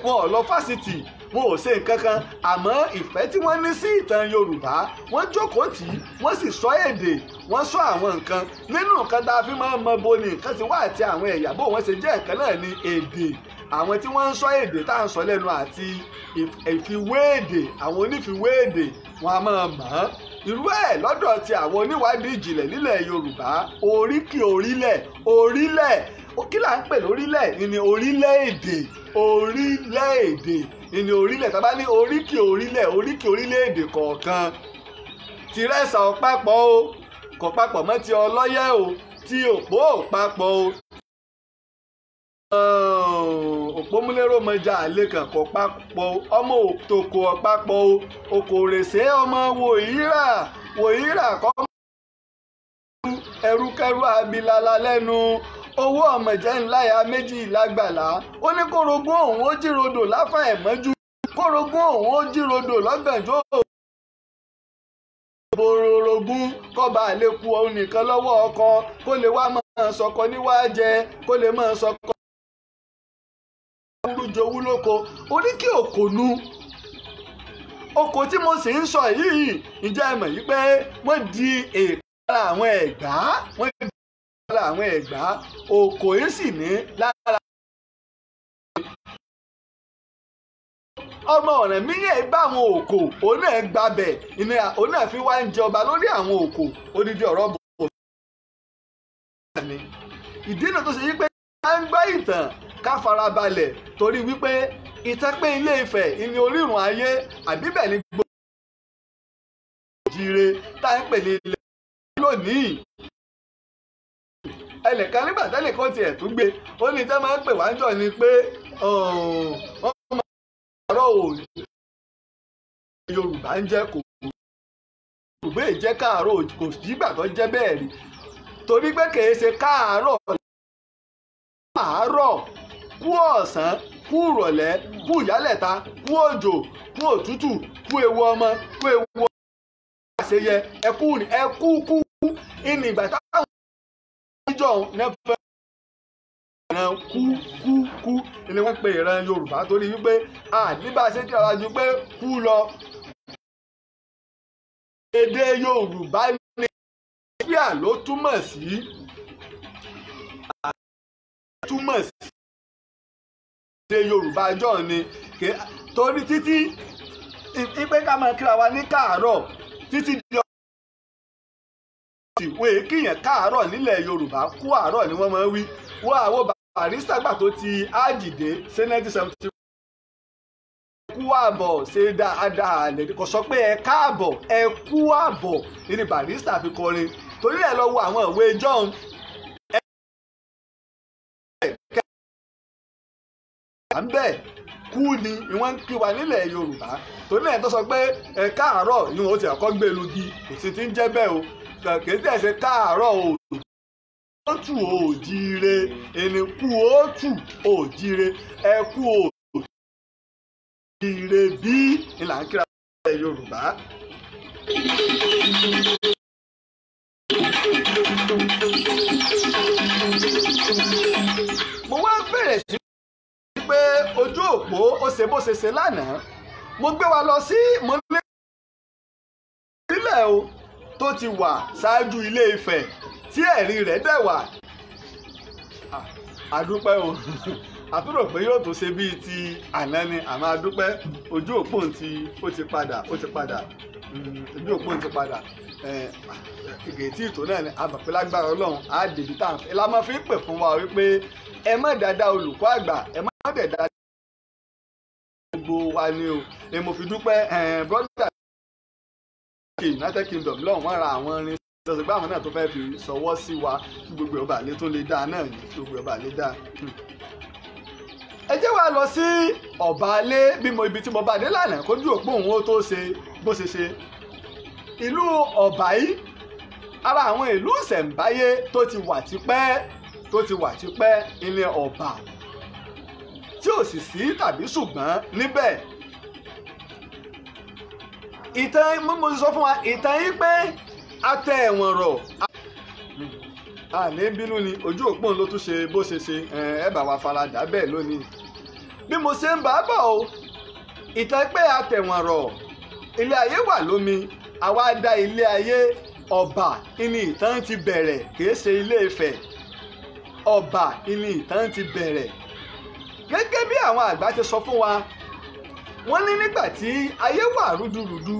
B: wọn ò lọ fásitì wọn ò ṣe nǹkan kan àmọ́ ìfẹ́ tí wọ́n ní sí ìtàn Yorùbá wọ́n jókòó tì í wọ́n sì sọ èdè wọ́n sọ àwọn nǹkan nínú nǹkan tá a fi máa ń mọ bo ni nǹkan ti wá àti àwọn ẹ̀yà bó wọ́n ṣe jẹ́ nǹkan náà ni èdè àwọn tí wọ́n ń sọ èdè tá à ń sọ lẹ́nu àti ìfiwéèdè àwọn onífiwéèdè wọn a máa mọ̀ ọ́ irú ẹ̀ lọ́dọ̀ ti àwọn oníwádìí ìjìnlẹ̀ nílẹ̀ Yorùbá oríkì orílẹ̀ orílẹ̀ ó kí là ń pè lórílẹ̀ ìní orílẹ̀-èdè orílẹ̀-èdè ìní orílẹ̀ tá a bá ní oríkì orílẹ̀ oríkì orílẹ̀-èdè kọ̀ọ̀kan tìrẹsà ò papọ̀ o kò papọ̀ mọ́ ti ọlọ́yẹ̀ o tí òpó ò papọ̀ o òpómúlérò mọjà àlekàn kò papọ̀ ọmọ òtòkò ọ̀pápọ̀ o òkòrèsé ọmọ wòyíra wòyíra kọ́ ẹrúkẹrú abilala lẹ́nu owó ọ̀mọ̀jẹ́ ńláya méjì lágbàlá ó ní kórogún òun ó jírodò láfà ẹ̀mọ́jú kórogún òun ó jírodò lọ́gànjọ́
E: bororogún kọba àlékù òun nìkan lọ́wọ́ ọkọ kó lè wá
B: máa sọkọ níwájẹ kó lè máa sọkọ olùjowú lóko oríkì òkònú oko tí mo sì ń sọ yìí ǹjẹ́ ẹ mọ̀ pé wọ́n di èèkàn àwọn ẹ̀gbá wọ́n
E: lára àwọn ẹ̀gbá òkò yìí sì ní lára. ọmọ ọ̀ràn mi yẹn bá àwọn òkò òun náà gbabẹ̀
B: òun náà wá ń jọba lórí àwọn òkò odidi ọ̀rọ̀ bò ó. ìdí tó ṣe yí pé a ń gbọ́ ìtàn ká torí wípé Ilé ìní orírun ayé ni gbogbo tá ń pè ẹnìkan nígbà tẹ́lẹ̀ kan tiẹ̀ tún gbé ó ní tẹ́ pè wá ń jọ ni pé wọ́n máa ń sọ̀rọ̀ Yorùbá ń jẹ́ kò Yorùbá è jẹ́ káàárọ̀ kò tó jẹ́ bẹ́ẹ̀ rí torí pé kèé ṣe ewu ọmọ kú ewu ọmọ ẹkú ẹkú
E: níjọ́ nẹ́fẹ́ ìran kúkúkú ni wọ́n pe ìran Yorùbá torí wípé a nígbà ṣe kí ara pé kú lọ. èdè Yorùbá ní Nàìjíríà ló túmọ̀ sí túmọ̀ sí èdè Yorùbá
B: jọ ni torí títí ìpínká máa kíra wa ní káàárọ̀ títí di sì wọ́n èé kíyàn káàárọ̀ nílẹ̀ yorùbá kú àárọ̀ ni wọ́n máa ń wí wọ́n àwọn barista gbà tó ti ájìdé ṣe nineteen seventy kú àbọ̀ ṣe dáadáa lẹ́ni kò sọ pé ẹ káàbọ̀ ẹ àbọ̀ nínú barista fi kọrin torí ẹ lọ wo àwọn ìwé john à ń bẹ̀ kú ni ìwọ́n ń kí wa nílẹ̀ yorùbá torí ẹ̀ tó sọ pé ẹ káàárọ̀ ni wọ́n ti àkọ́ kò sì ti ń jẹ́ bẹ́ẹ̀ o kàkéde ẹsẹ káàárọ̀ òòtù òòtù òòjìire ẹnìkú òòtù òòjìire ẹkú òòtù òòjìire bí ìlànà kíra Yorùbá. mo wá bẹ̀rẹ̀ sí pé ojú òpó ó ṣe bó ṣe ṣe lánàá mo gbé wa lọ sí mo nílẹ̀ o tó ti wà ṣáájú ilé Ifẹ̀ tí ẹ̀rí rẹ̀ dẹ̀ wà àdúpẹ́ o àtúrò pé yóò tó ṣe bíi ti àná ni àmọ́ àdúpẹ́ ojú òpó ti ó ti padà ó ti padà hmm, ojú òpó ti padà ìgètí ìtò náà ni àbàpélágbára Ọlọ́run á dèbí tá à ń fẹ́ la máa fi ń pè fún wa wípé ẹ má dáadáa olùkọ́ àgbà ẹ má dẹ̀ dáadáa gbogbo wa ni o èmo fi dúpẹ́ brọ́dà United Kingdom lọ́wọ́ wọn ra àwọn irin lọ́sọ̀ pé àwọn náà tó fẹ́ẹ́ fi sọwọ́ sí wa kí gbogbo ọba àlè tó lè dáa náà ní gbogbo ọba àlè dáa. Hmm. ẹ jẹ́ wàá lọ sí ọba alé bí mo ibi tí mo bá dé lánàá kó dúró pé òun ó tó ṣe bó ṣe ṣe. ìlú ọ̀bàyí ara àwọn ìlú ìṣẹ̀ǹbáyé tó ti wà tipẹ́ tó ti wà tipẹ́ ilé ọba tí ò sì sí tàbí ṣùgbọ́n níbẹ̀ ìtàn mímu sọ fún wa ìtàn yín pé atẹ ẹ̀wọ̀n rọ̀ a ní bínú ni ojú òpó ló tún ṣe bó ṣe ṣe ẹ wa faradà bẹ́ẹ̀ lónìí bí mo ṣe ń bá bọ̀ o ìtàn pé atẹ̀wọ̀n rọ̀ ilé ayé wà lómi àwa dá ilé ayé ọba ìní ìtàn ti bẹ̀rẹ̀ kìí ṣe ilé Ifẹ̀ ọba ìní ìtàn ti bẹ̀rẹ̀ gẹ́gẹ́ bí àwọn àgbà ti sọ fún wa wọ́n ní nígbà tí ayé wà rúdurùdu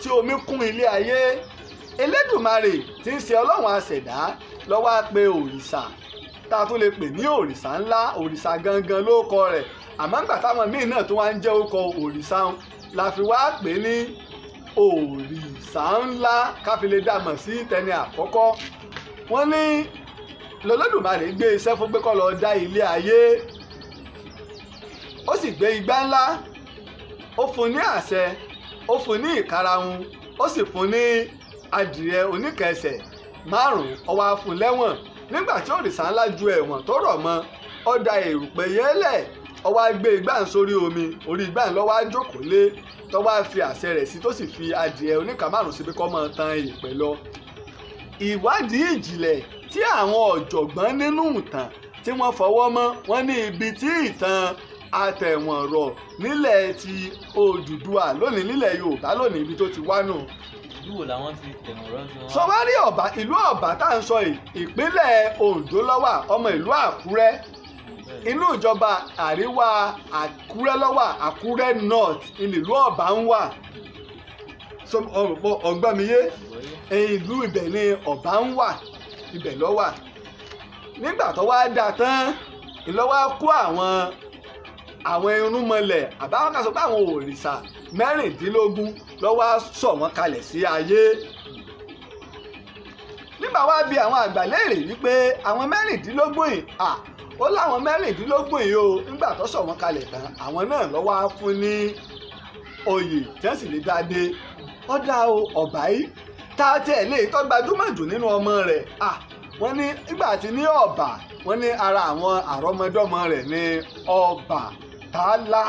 B: tí omi kún ilé ayé elédùmarè tí ń ṣe ọlọ́run àṣẹ̀dá ló wá pe òrìṣà tá a tún lè pè ní òrìṣà ńlá òrìṣà gangan ló kọ rẹ̀ àmọ́ nígbà táwọn míì náà tó wá ń jẹ́ orúkọ òrìṣà la fi wá pè ní òrìṣà ńlá káfí lè dàmọ̀ sí tẹni àkọ́kọ́ wọ́n ní lọ́lọ́dùmarè gbé iṣẹ́ fún pé kó lọ dá ilé ayé ó sì gbé igbá ńlá ó fún ní àṣẹ ó fún ní ìkarahun ó sì fún ní adìyẹ oníkẹsẹ̀ márùn-ún ó wá fún lẹ́wọ̀n nígbà tí òrìṣà ńlá ju ẹ̀wọ̀n tó rọ̀ mọ́ ó da èrùpẹ̀ yẹ́lẹ̀ ó wá gbé igbáhùn sórí omi orí igbáhùn ló wá jókòó lé tó wá fi àṣẹ rẹ̀ sí tó sì fi adìyẹ oníkà márùn-ún síbi kọ́ mọ́ tan ìpẹ́ lọ. ìwádìí ìjìnlẹ̀ tí àwọn ọ̀jọ̀gbọ́n nínú ìtàn tí wọ́n fọwọ́ mọ́ wọ́n ní ibi tí ìtàn àtẹ̀wọ̀n rọ̀ nílẹ̀ ti Odùduwà lónìí nílẹ̀ Yorùbá lónìí ibi tó ti wá nù.
C: ìlú wo làwọn ti tẹ̀wọ̀n rọ̀ sí wọn. sọ
B: wá rí ọ̀bá ìlú ọ̀bá tá à ń sọ yìí ìpínlẹ̀ Oǹdó ló wà ọmọ ìlú Àkúrẹ́ inú ìjọba àríwá Àkúrẹ́ ló wà Àkúrẹ́ North ìlú ọ̀bá ń wà ọgbọ́n mi ìlú ibẹ̀ ni ọ̀bá ń wà ibẹ̀ ló nígbà tó wá dà tán ìlọ́wọ́ kó àwọn àwọn irúnmọlẹ̀ àbáwọn kan sọ pé àwọn òrìṣà mẹ́rìndínlógún ló wá sọ wọ́n kalẹ̀ sí ayé nígbà wá bí àwọn àgbà léèrè wípé àwọn mẹ́rìndínlógún yìí à ó láwọn mẹ́rìndínlógún yìí o nígbà tó sọ wọ́n kalẹ̀ tán àwọn náà ló wá fún ní oyè jẹ́sì lè dáadé ọ̀dà ọ̀bá yìí tá a tiẹ̀ lè tọ́ gbajúmọ̀ jù nínú ọmọ rẹ̀ à wọ́n ní nígbà tí ní ọ̀bà wọ́n ní ara àwọn àrọ́mọdọ́mọ rẹ̀ ní ọ̀bà tààlà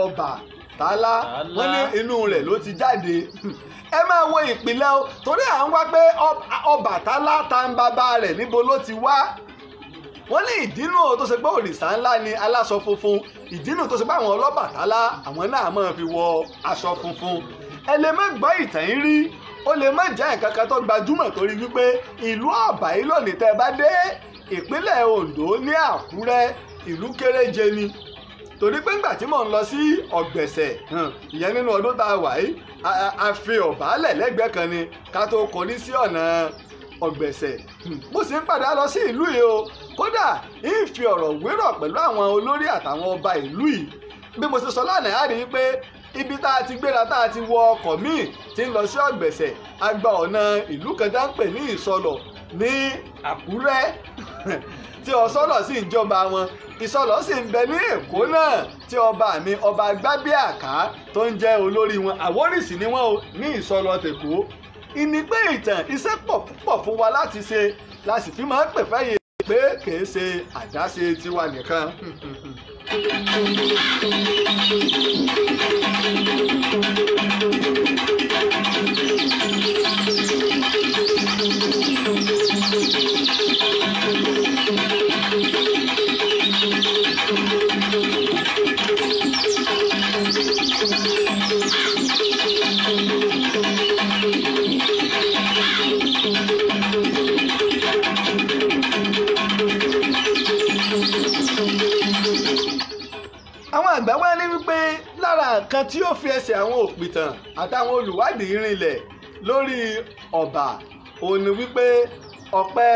B: ọba tààlà wọ́n ní inú rẹ̀ ló ti jáde ẹ máa wo ìpìlẹ̀ o torí à ń wá pé ọba tààlà ta ń bàbá rẹ̀ níbo ló ti wá wọ́n ní ìdínú tó ṣe pé òrìṣà ńlá ni aláṣọ funfun ìdínú tó ṣe pé àwọn ọlọ́bàtálá àwọn náà máa fi wọ aṣọ funfun ẹ lè má gbọ́ ìtàn yín rí ó lè má jẹ́ nǹkan kan tó gbajúmọ̀ torí wípé ìlú Ọ̀bà yìí lónìí tẹ́ ẹ bá dé ìpínlẹ̀ Ondo ní Àkúrẹ́ ìlú kéréje ni torí pé ńgbà tí mò ń lọ sí ọ̀gbẹ̀sẹ̀ ìyẹn nínú ọdún tá a wà yìí a fi ọ̀bálẹ̀ lẹ́gbẹ̀ẹ́ kan ni ká tó kọrí sí ọ̀nà ọ̀gbẹ̀sẹ̀ mo sì ń padà lọ sí ìlú yìí o kódà ń fi ọ̀rọ̀ wérọ̀ pẹ̀lú àwọn olórí àtàwọn ọba ìlú yìí bí mo ṣe sọ lánàá á rí i pé ibi tá a ti gbéra tá a ti wọ ọkọ̀ míì tí ń lọ sí ọ̀gbẹ̀sẹ̀ a gba ọ̀nà ìlú kan ń pè ní ìsọlọ̀ ní Àkúrẹ́ tí ọsọlọ sì ń jọba wọn ìsọlọ sì ń bẹ ní èkó náà tí ọba mi ọba gbábíàká tó ń jẹ́ olórí wọn àwórìsì ni wọn ò ní ìsọlọ tèkó ìnígbé ìtàn iṣẹ́ pọ̀ púpọ̀ fún wa láti ṣe la sì fi máa ń pè fẹ́ yìí pé kìí ṣe àdáṣe tiwa nìkan. Thank you. tí ó fi ẹsẹ̀ àwọn òpìtàn àtàwọn olùwádìí rinlẹ̀ lórí ọ̀bà òun ni wípé ọ̀pẹ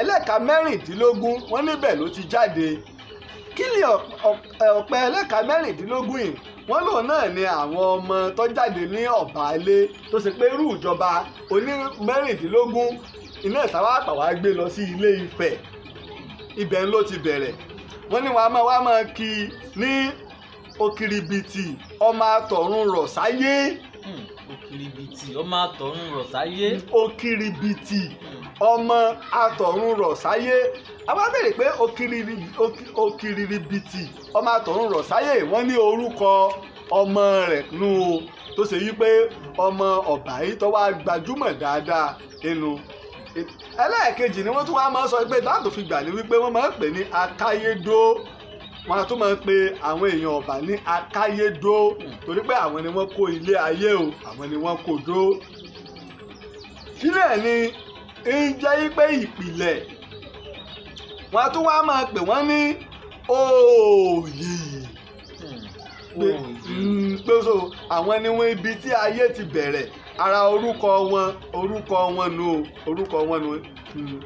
B: ẹlẹ́ka mẹ́rìndínlógún wọ́n níbẹ̀ ló ti jáde kí ni ọ̀pẹ ẹlẹ́ka mẹ́rìndínlógún yìí wọ́n lòun náà ni àwọn ọmọ tó jáde ní ọ̀bà ilé tó ṣe pé irú ìjọba oní mẹ́rìndínlógún iná ìtawà àpàwà gbé lọ sí ilé Ifẹ̀ ibẹ̀ ló ti bẹ̀rẹ̀ wọ́n ní wàá máa wá máa kí ní okiribiti ọmọ àtọ̀run rọ̀ sáyé.
C: okiribiti hmm, ọmọ àtọ̀run rọ̀ sáyé.
B: okiribiti ọmọ àtọ̀run rọ̀ sáyé a bá béèrè pé okiribiti ọmọ àtọ̀run rọ̀ sáyé wọ́n ní orúkọ ọmọ rẹ̀ nù o tó ṣe yí pé ọmọ ọ̀bà yìí tó wá gbajúmọ̀ dáadáa nínú ẹlẹ́ẹ̀kejì ni wọ́n tún wá máa sọ pé dáàtò fi gbà ní wípé wọ́n máa ń pè ní akáyédó wọn a tún máa ń pe àwọn èèyàn ọ̀bà ní akáyédó torí pé àwọn ni wọ́n kó ilé ayé o àwọn ni wọ́n kó dó. sílẹ̀ ni ń jẹ́ pé ìpìlẹ̀ wọn a tún wá máa pè wọ́n ní òòyì gbèsò mm, àwọn ni wọn ibi tí ayé ti bẹ̀rẹ̀ ara orúkọ wọn orúkọ wọn nu orúkọ wọn nu. Mm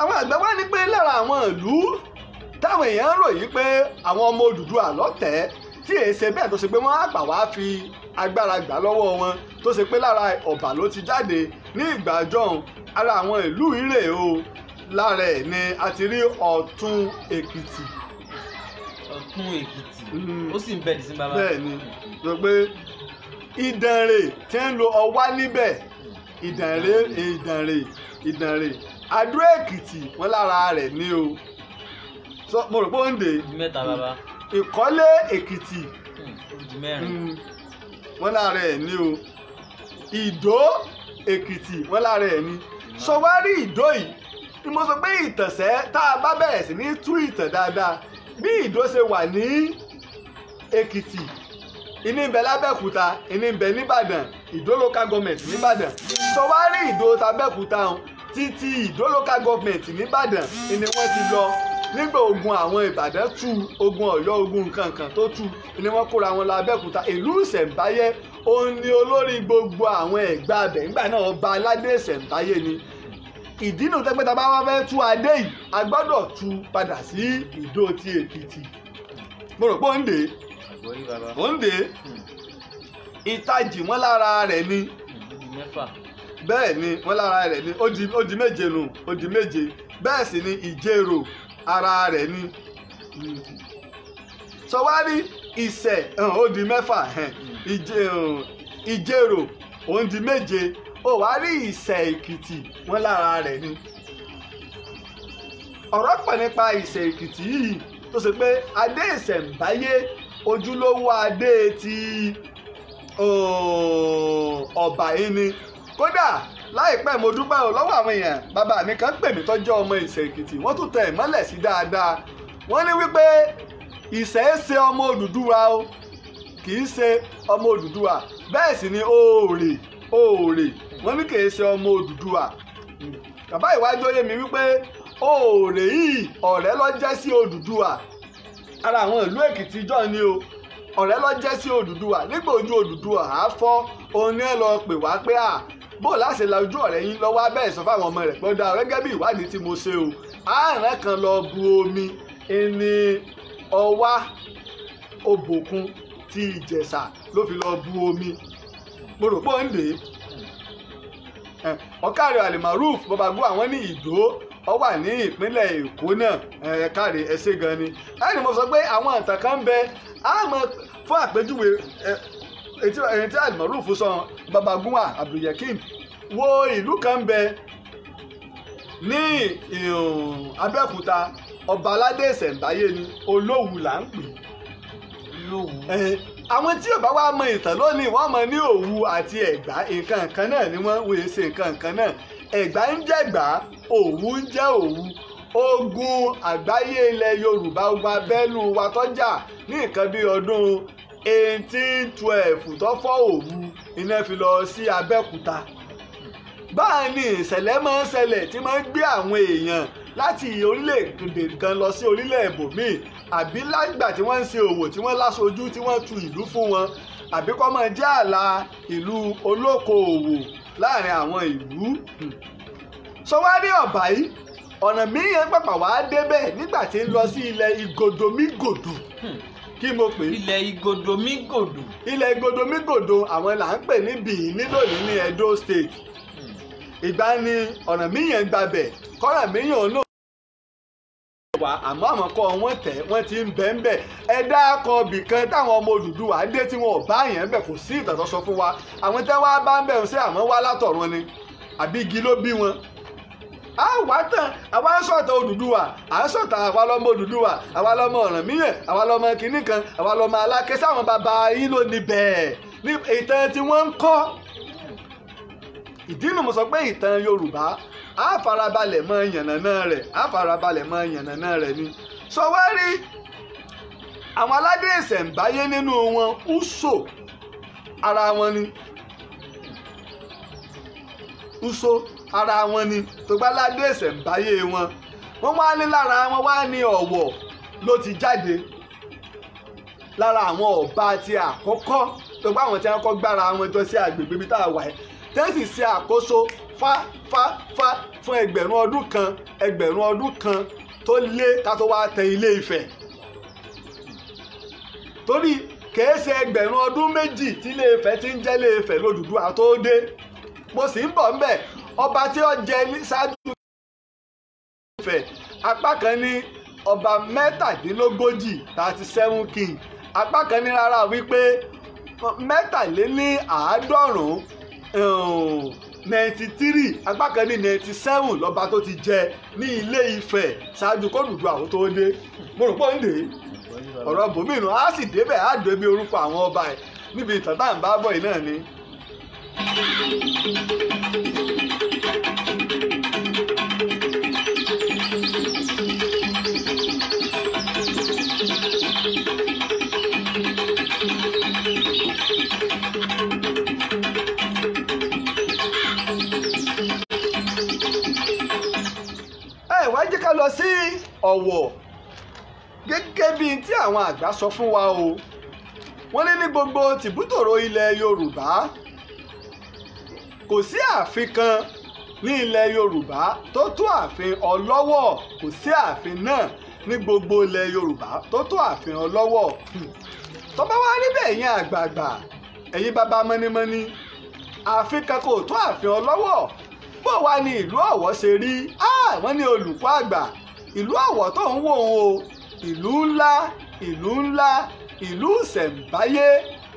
B: àwọn àgbà wá ní pé lára àwọn ìlú táwọn èèyàn ń ròyìn pé àwọn ọmọ Odùduwà lọ́tẹ̀ẹ́ tí èyí ṣe bẹ́ẹ̀ tó ṣe pé wọ́n á gbà wá fi agbára gbà lọ́wọ́ wọn tó ṣe pé lára ọ̀bà ló ti jáde ní ìgbà ọjọ́un ara àwọn ìlú ìrè o lára ẹ̀ ni a ti rí Ọ̀tún Èkìtì.
C: Ọ̀tún Èkìtì ó sì ń bẹ dì
B: bàbá. bẹ́ẹ̀ni lọ pé ìdànrè tí ń lo ọwá níbẹ̀ ìdànrè ìdànrè ìdànrè adó èkìtì wọn lára rẹ̀ ní o mo rò pé ó ń dè mẹ́ta bàbá ìkọ́lé èkìtì hmm, wọn lára ẹ̀ ní o ìdó èkìtì wọn lára ẹ̀ ní sọ wá rí ìdó yìí ni mo sọ pé ìtànṣẹ́ tá a bá bẹ̀rẹ̀ sí ní tú ìtàn dáadáa bí ìdó ṣe wà ní èkìtì ìní ń bẹ lábẹ́òkúta ìní ń bẹ nìbàdàn ìdó local government nìbàdàn tó wá rí ìdó tàbẹ́òkúta hàn títí ìdó local government nìbàdàn ìní wọ́n ti lọ nígbà ogun àwọn ìbàdàn tú ogun ọ̀yọ́ ogun kankan. tó tú ni wọ́n kóra wọn lọ abẹ́òkúta ìlú ìṣẹ̀ǹbáyé òun ni olórí gbogbo àwọn ẹ̀gbá abẹ̀ nígbà náà ọba aládé ìṣẹ̀ǹbáyé ni ìdínú tẹpẹta bá wá fẹ́ tú adé yìí a gbọ́dọ̀ tú padà sí ìdó ti èkìtì mo rò pé ó ń dè é
C: òǹdè
B: ìtajì wọn lára rẹ̀ ni bẹ́ẹ̀ ni wọn lára rẹ̀ ni ó di méje nù ó di méje bẹ́ẹ̀ sì ni ìjérò ara rẹ̀ ni sọwárí ìsẹ̀ ó di mẹ́fà ìjérò òun di méje ó wá rí ìsẹ̀ èkìtì wọn lára rẹ̀ ni ọ̀rọ̀ pẹ̀ nípa ìsẹ̀ èkìtì yìí tó ṣe pé adé ìsẹ̀ǹbáyé ojúlówó adé ti ọba yìí ni kódà láìpẹ́ mo dúpẹ́ o lọ́wọ́ àwọn èèyàn bàbá mi kan pè mí tọ́jú ọmọ ìṣẹ̀ èkìtì wọ́n tún tẹ ìmọ́lẹ̀ sí dáadáa wọ́n ní wípé ìṣẹ̀ ń ṣe ọmọ òdùdúwa o kì í ṣe ọmọ òdùdúwa bẹ́ẹ̀ sì ni òòrè òòrè wọ́n ní kì í ṣe ọmọ òdùdúwa bàbá ìwájú oyè mi wípé òòrè yìí ọ̀rẹ́ ló jẹ́ sí òdùdúwa ara àwọn ìlú èkìtì jọ ni o ọ̀rẹ́ lọ jẹ́ sí Odùduwà nígbà ojú Odùduwà á fọ́ òun ni ẹ lọ pè wá pé à bó láṣẹ la ojú ọ̀rẹ́ yín lọ́wọ́ abẹ́ẹ̀ sọ fáwọn ọmọ rẹ̀ gbọ́dọ̀ gẹ́gẹ́ bí ìwádìí tí mo ṣe o àárẹ̀ kan lọ bu omi ẹni ọwá obòkun ti ìjẹ̀ṣà ló fi lọ bu omi mo ń dè é ọ̀kàrẹ̀ alimaruf bọ́bá gbọ́ àwọn ní ìdó ó wà ní ìpínlẹ̀ èkó náà ẹ káre ẹ ṣé gan ni ẹni mo sọ pé àwọn ìtàn kan ń bẹ àmọ́ fún àpèjúwe ẹni tí àlùmọ́rùfù sọ babagunwa abdulyakin wo ìlú kan ń bẹ ní abẹ́òkúta ọba aládé ìṣẹ̀ǹbáyé ni olówù là ń pè àwọn tí yorùbá wa mọ ìtàn lónìí wọn mọ ní òwu àti ẹ̀gbá nǹkan kan náà ni wọn wòye ṣe nǹkan kan náà ẹ̀gbá ń jẹ̀gbá òwú ń jẹ́ òwú ogun àgbáyé ilẹ̀ yorùbá ogun abẹ́lú wa tọ́jà ní nǹkan bíi ọdún eighteen twelve tó fọ́ òwú iná fi lọ sí abẹ́òkúta báà ni ìṣẹ̀lẹ̀ máa ń ṣẹlẹ̀ tí máa ń gbé àwọn èèyàn láti orílẹ̀-èdè kan lọ sí orílẹ̀ ibòmíì àbí lágbà tí wọ́n ń ṣe òwò tí wọ́n láṣojú tí wọ́n tu ìlú fún wọn àbí kọ́ máa jẹ́ àlà ìlú olókoòwò láàrin àwọn ìlú sọ wá ní ọ̀bà yìí ọ̀nà mìíràn pàpà wá débẹ̀ nígbà tí ń lọ sí ilẹ̀ igodomígodò kí mo pè é. ilẹ̀ igodomígodò. ilẹ̀ igodomígodò àwọn là ń pè ní bìíní lónìí ní Edo State ìgbà ni ọ̀nà mìíràn gbabẹ̀ kọ́nà mìíràn náà wá àmọ́ àwọn kọ́ wọ́n tẹ̀ wọ́n ti ń bẹ́ẹ̀ bẹ́ẹ̀ ẹ dákọ̀ bì kan táwọn ọmọ Odùduwà dé tí wọn bá yẹn bẹ̀ kò sí ìtàn tó sọ fún wa àwọn tẹ́ wá bá ń bẹ̀ ṣé àwọn wá látọ̀run ni àbí igi ló bí wọn a wá tán àwa ń sọ̀tàn Odùduwà à ń sọ̀tàn àwa lọ́mọ Odùduwà àwa lọ́mọ Ọ̀rànmíyàn àwa lọ́mọ kìnnì kan àwa lọ́mọ Aláké sáwọn bàbá yín ló á farabalẹ̀ mọ yànnàná rẹ̀ á farabalẹ̀ mọ yànnàná rẹ̀ ni. sọ wá rí àwọn aládé ìṣẹ̀ǹbáyé nínú wọn úsò ara wọn ni úsò ara wọn ni tó gbá aládé ìṣẹ̀ǹbáyé wọn wọ́n wá ní lára wọn wá ní ọ̀wọ̀ ló ti jáde lára àwọn ọba ti àkọ́kọ́ tó gbá àwọn tí wọ́n kọ́ gbára wọn jọ sí àgbègbè ibi tá a tẹ́sí ṣe àkóso fáfáfá fún ẹgbẹ̀rún ọdún kan ẹgbẹ̀rún ọdún kan tó lé ká tó wá tẹ Ilé Ifẹ̀ torí kèé ṣe ẹgbẹ̀rún ọdún méjì tí Ilé Ifẹ̀ ti ń jẹ́ Ilé Ifẹ̀ l'Odùduwà tó dé mo sì ń bọ̀ ńbẹ̀ ọba tí ó jẹ ṣáájú Ilé Ifẹ̀ apá kan ní ọba mẹ́tàdínlógójì thirty seven king apá kan ní rárá wípé mẹ́tàléní àádọ́rùn-ún ninety three apá kan ninety seven lọ́ba tó ti jẹ ní ilé Ifẹ̀ ṣáájú kó dùdú àwọn tó dé mo rò pé ó ń dè é ọ̀rọ̀ bòmínú á sì débẹ̀ á dé orúkọ àwọn ọba ẹ̀ níbi ìtàn tá à náà ni. jẹ́ ká lọ sí Ọ̀wọ̀ gẹ́gẹ́ bíi tí àwọn àgbà sọ fún wa o wọ́n ní ní gbogbo tìbútòrò ilẹ̀ Yorùbá kò sí ààfin kan ní ilẹ̀ Yorùbá tó tó ààfin Ọlọ́wọ̀ kò sí ààfin náà ní gbogbo ilẹ̀ Yorùbá tó tó ààfin Ọlọ́wọ̀ tó bá níbẹ̀ ẹ̀yin àgbààgbà ẹ̀yin bàbá mọ́nímọ́ní ààfin kan kò tó ààfin Ọlọ́wọ̀ bó wá ní ìlú Ọ̀wọ̀ ṣe rí wọ́n ní olùkọ́ àgbà ìlú Ọ̀wọ̀ tó ń wò ó ìlú ńlá ìlú ńlá ìlú ìṣẹ̀ǹbáyé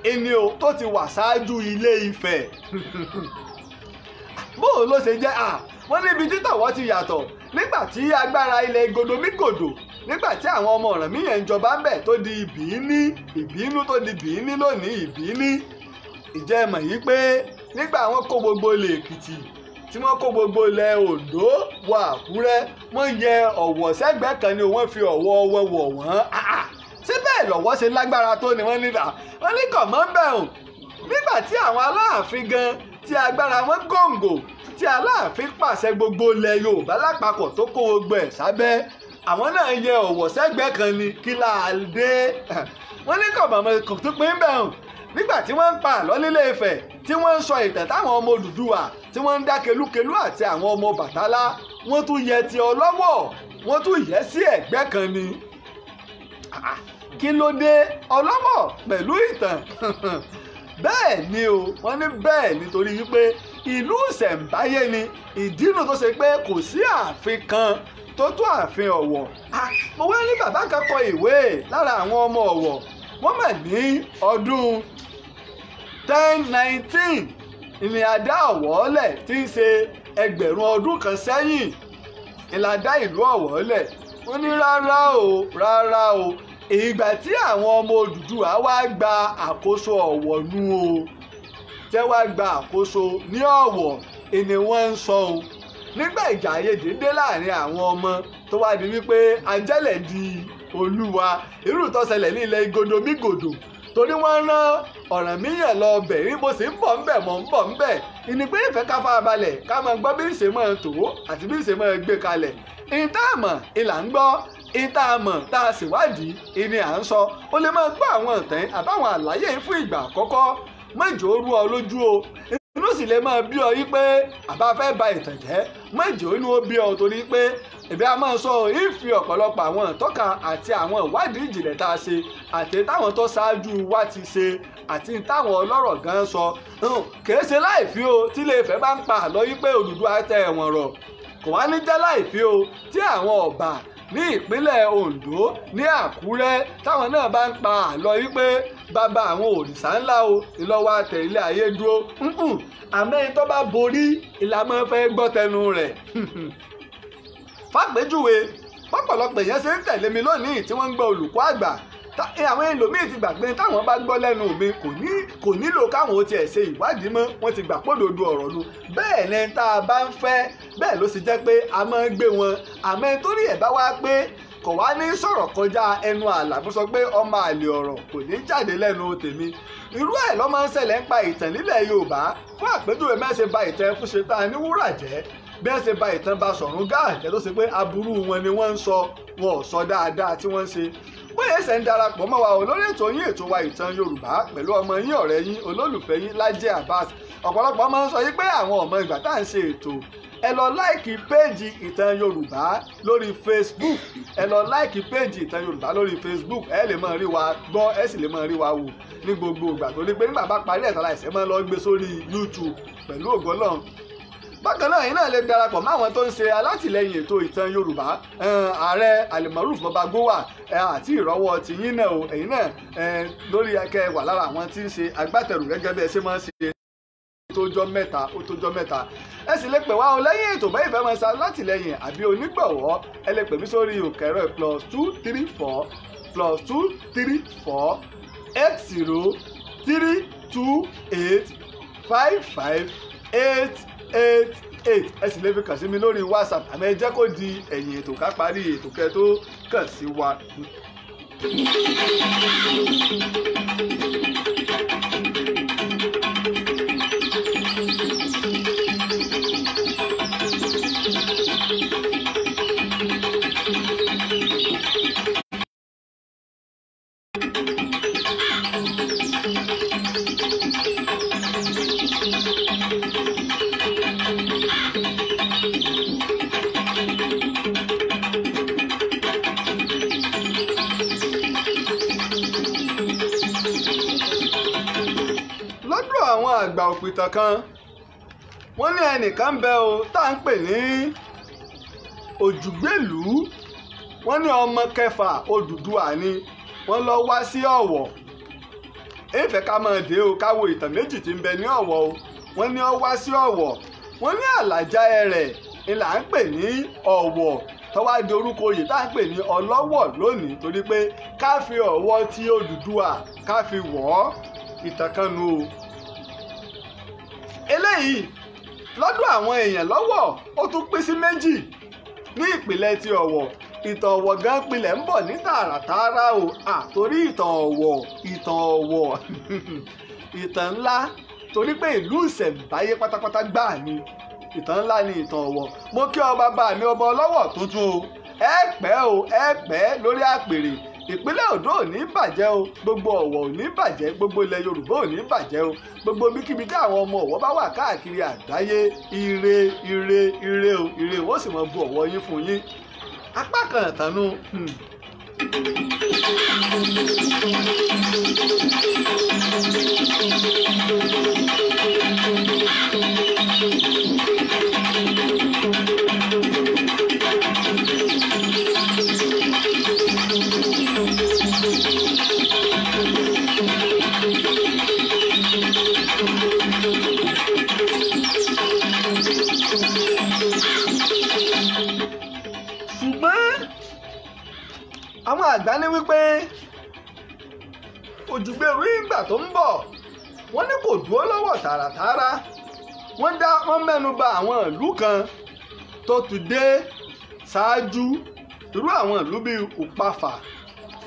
B: ẹni o tó ti wà ṣáájú ilé Ifẹ̀ bóun ló ṣe jẹ́ à wọ́n níbi títà wọ́n ti yàtọ̀ nígbà tí agbára ilẹ̀ gòdòmígòdò nígbà tí àwọn ọmọ Ọ̀rànmíyàn ń jọba ń bẹ̀ tó di ìbíní ìbínú tó di ìbíní lónìí ìbíní ìjẹ́ mọ̀ yí pé nígbà wọn kó gbogbo ilẹ̀ Èkìtì tí wọ́n kó gbogbo ilẹ̀ Ondo wọ Àkúrẹ́ wọ́n yẹ Ọ̀wọ̀ sẹ́gbẹ̀ẹ́ kan ni wọ́n fi Ọ̀wọ̀ wẹ̀wọ̀ wọ́n síbẹ̀ lọ́wọ́ ṣe lágbára tó ni wọ́n nílà wọ́n ní kọ̀mọ́ńbẹ̀hùn nígbà tí àwọn aláàfin gan tí agbára wọn gòǹgò tí aláàfin pàṣẹ gbogbo ilẹ̀ Yorùbá lápapọ̀ tó kó gbogbo ẹ̀ sábẹ́ àwọn náà yẹ Ọ̀wọ̀ sẹ́gbẹ̀ẹ́ kan ni kí láàdé wọ́n ní kọ̀mọ̀mọ̀ kò tún pín bẹ̀hùn nígbà tí wọ́n ń pa àlọ́ nílé Ifẹ̀ tí wọ́n ń sọ ìtàn táwọn ọmọ Odùduwà tí wọ́n ń dá kelúkelú àti àwọn ọmọ bàtálá wọ́n tún yẹ ti ọlọ́wọ̀ wọ́n tún yẹ sí ẹ̀gbẹ́ kan ni kí ló dé ọlọ́wọ̀ pẹ̀lú ìtàn bẹ́ẹ̀ ni o wọ́n ní bẹ́ẹ̀ nítorí wípé ìlú ìṣẹ̀ǹbáyé ni ìdínú tó ṣe pé kò sí ààfin kan tó tó ààfin ọ̀wọ̀ mo wá ní bàbá kan kọ ìwé lára àwọn ọmọ ọ̀wọ̀ wọ́n mà ní ọdún ten nineteen ìrìnàdá ọ̀wọ́ọ́lẹ̀ tí í ṣe ẹgbẹ̀rún ọdún kan sẹ́yìn ìlàdá ìlú ọ̀wọ́ọ́lẹ̀ ó ní rárá o rárá o ìgbà tí àwọn ọmọ Odùduwà wá gba àkóso ọ̀wọ̀ nú o tẹ́ wá gba àkóso ní ọ̀wọ̀ ìní wọ́n ń sọ o nígbà ìjà àyèdè dé láàrin àwọn ọmọ tó wá di wípé ajẹ́lẹ̀ di olúwa irú tó ṣẹlẹ̀ ní ilẹ̀ igodo mígòdò torí wọ́n rán Ọ̀rànmíyàn lọ bẹ̀ rí bó sì ń bọ̀ ńbẹ̀ mọ̀ ń bọ̀ ńbẹ̀ ìnìpé ìfẹ́ ká fara balẹ̀ ká máa gbọ́ bí ìṣe máa tò ó àti bí ìṣe máa gbé kalẹ̀ ìta àmọ̀ ìlà ń gbọ́ ìta àmọ̀ tá a sì wádìí ìní à ń sọ ó lè máa gbọ́ àwọn ìtàn àbáwọn àlàyé fún ìgbà àkọ́kọ́ mẹ́jọ ó rú ọ lójú o inú sì lè máa bí ọ yí pé àbá fẹ́ ba ìtàn mẹ́jọ ó ó bí ọ torí pé ìbí a máa sọ ìfì ọ̀pọ̀lọpọ̀ àwọn ìtọ́ka àti àwọn ìwádìí ìjìnlẹ̀ tá a ṣe àti táwọn tó ṣáájú wa ti ṣe àti táwọn ọlọ́rọ̀ gan sọ kìí ṣe láìfí o tí Ilé-Ifẹ̀ bá ń pa àlọ́ yí pé Odùduwà tẹ ẹ̀wọ̀n rọ̀ kò wá ní jẹ́ láìfí o tí àwọn ọba ní ìpínlẹ̀ Ondo ní Àkúrẹ́ táwọn náà bá ń pa àlọ́ yí pé bàbá àwọn òrìṣà ńlá o ìlọ́wọ́ àtẹ ilé ayé dúró àmọ́ ẹni tó bá borí ìlànà fẹ́ gbọ́ tẹnu rẹ̀ fàgbéjúwe pọ̀pọ̀lọpọ̀ èèyàn ṣe ń tẹ̀lé mi lónìí tí wọ́n ń gbọ́ olùkọ́ àgbà eh, àwọn ẹlòmíì ti gbàgbé táwọn bá gbọ́ lẹ́nu mi kò nílò káwọn ó tiẹ̀ ṣe ìwádìí mọ́ wọ́n ti gbà pódòdó ọ̀rọ̀ lu bẹ́ẹ̀ ni tá a bá ń fẹ́ bẹ́ẹ̀ ló sì jẹ́ pé a máa ń gbé wọn àmọ́ torí ẹ̀ bá wá pé kò wá ní sọ̀rọ̀ kọjá ẹnu ààlà mo sọ pé ọmọ àlè ọ̀rọ̀ kò ní jáde lẹ́nu tèmi irú ẹ̀ ló máa ń ṣẹlẹ̀ ń pa ìtàn nílẹ̀ Yorùbá fún àpèjúwe mẹ́sẹ̀ ba ìtàn ẹkún ṣe tá a ní wúrà jẹ́ bẹ́ẹ̀ ṣe ba ìtàn bá sọ̀rùn gáà jẹ́ tó ṣe pé aburú wọn ni wọ́n ń sọ wọn ò sọ dáadáa tí wọ́n ń ṣe bóyá ẹsẹ̀ ń darapọ̀ mọ́ wa ò lórí ètò yín ètò wa ìtàn Yorùbá pẹ̀lú ọmọ yín ọ̀rẹ́ yín olólùfẹ́ yín Laji Abbas ọ̀pọ̀lọpọ̀ máa ń sọ yí pé àwọn ọmọ ìgbà tá à ń ṣe ètò ẹ lọ láìkì péèjì ìtàn yorùbá lórí facebook ẹ lọ láìkì péèjì ìtàn yorùbá lórí facebook ẹ lè máa rí wa gbọ́ ẹ sì lè máa rí wa wò ní gbogbo ìgbà torí pé nígbà bá parí ẹ̀sán láìsẹ̀ máa lọ gbé sórí youtube pẹ̀lú ògbọ́lọ́n bákan náà yìí náà lè darapọ̀ mọ́ àwọn tó ń ṣe alátìlẹyìn ètò ìtàn yorùbá ààrẹ alimọ̀rúf mọ́bàgówà àti ìrọ́wọ́ ti náà ẹ̀yin náà lórí akẹ́ wà lára àwọn tí ń ṣe agbátẹrù gẹ́gẹ́ bí ẹ ṣe máa ń ṣe tójọ́ mẹ́ta ó tójọ́ mẹ́ta ẹ sì lè pè wá o lẹ́yìn ètò bẹ́ẹ̀ ìfẹ́ máa sa látìlẹyìn àbí onígbọ̀wọ́ ẹ lè pè mí sórí òkèrè plus two three four plus two three four eight zero three two eight five five eight eight eight ẹ sì lè fi kàn sí mi lórí whatsapp àmọ́ ẹ jẹ́ kó di ẹ̀yìn ètò ká parí ètò kẹ́ tó kàn sí wa. ìtàn kan wọ́n ní ẹnìkan bẹ o tá à ń pè ní òjùgbèlú wọ́n ní ọmọ kẹfà Odùduwà ni wọ́n lọ wá sí Ọ̀wọ̀ èèfẹ́ ká máa dé o káwo ìtàn méjì tí ń bẹ ní Ọ̀wọ̀ o wọ́n ní ọ wá sí Ọ̀wọ̀ wọ́n ní àlàjá ẹrẹ̀ ni là ń pè ní Ọ̀wọ̀ tọ́wá di orúkọ oyè tá à ń pè ní Ọlọ́wọ̀ lónìí torí pé ká fi ọ̀wọ̀ tí Odùduwà ká fi wọ̀ ọ́ ìtàn kan nu o eléyìí lọ́dọ̀ àwọn èèyàn lọ́wọ́ ó tún pín sí méjì ní ìpìlẹ̀ ti ọ̀wọ̀ ìtàn ọ̀wọ̀ gan pilẹ̀ ń bọ̀ ní tààràtààrà o àtorí ìtàn ọ̀wọ̀ ìtàn ọ̀wọ̀ ìtàn ńlá torí pé ìlú ìṣẹ̀ǹbáyé pátápátá gbáà ni ìtàn ńlá ni ìtàn ọ̀wọ̀ mo kí ọ bàbá mi ọba ọlọ́wọ̀ tuntun o ẹ pẹ́ o ẹ pẹ́ lórí àpèrè ìpínlẹ̀ Ondo ò ní bàjẹ́ o gbogbo Ọ̀wọ̀ ò ní bàjẹ́ gbogbo ilẹ̀ Yorùbá ò bàjẹ́ o gbogbo bíkíbi àwọn ọmọ Ọ̀wọ̀ bá wà káàkiri àgbáyé ire ire ire o ire wọ́n sì mọ bu Ọ̀wọ̀ yín fún yín apá kan ìtànú. Thank hmm. you. àgbà ní wípé òjùgbèrú ìgbà tó ń bọ̀ wọ́n ní kò dúró lọ́wọ́ tààràtààrà wọ́n dá wọ́n mẹ́nu bà àwọn ìlú kan tó ti dé ṣáájú irú àwọn ìlú bíi Òpàfà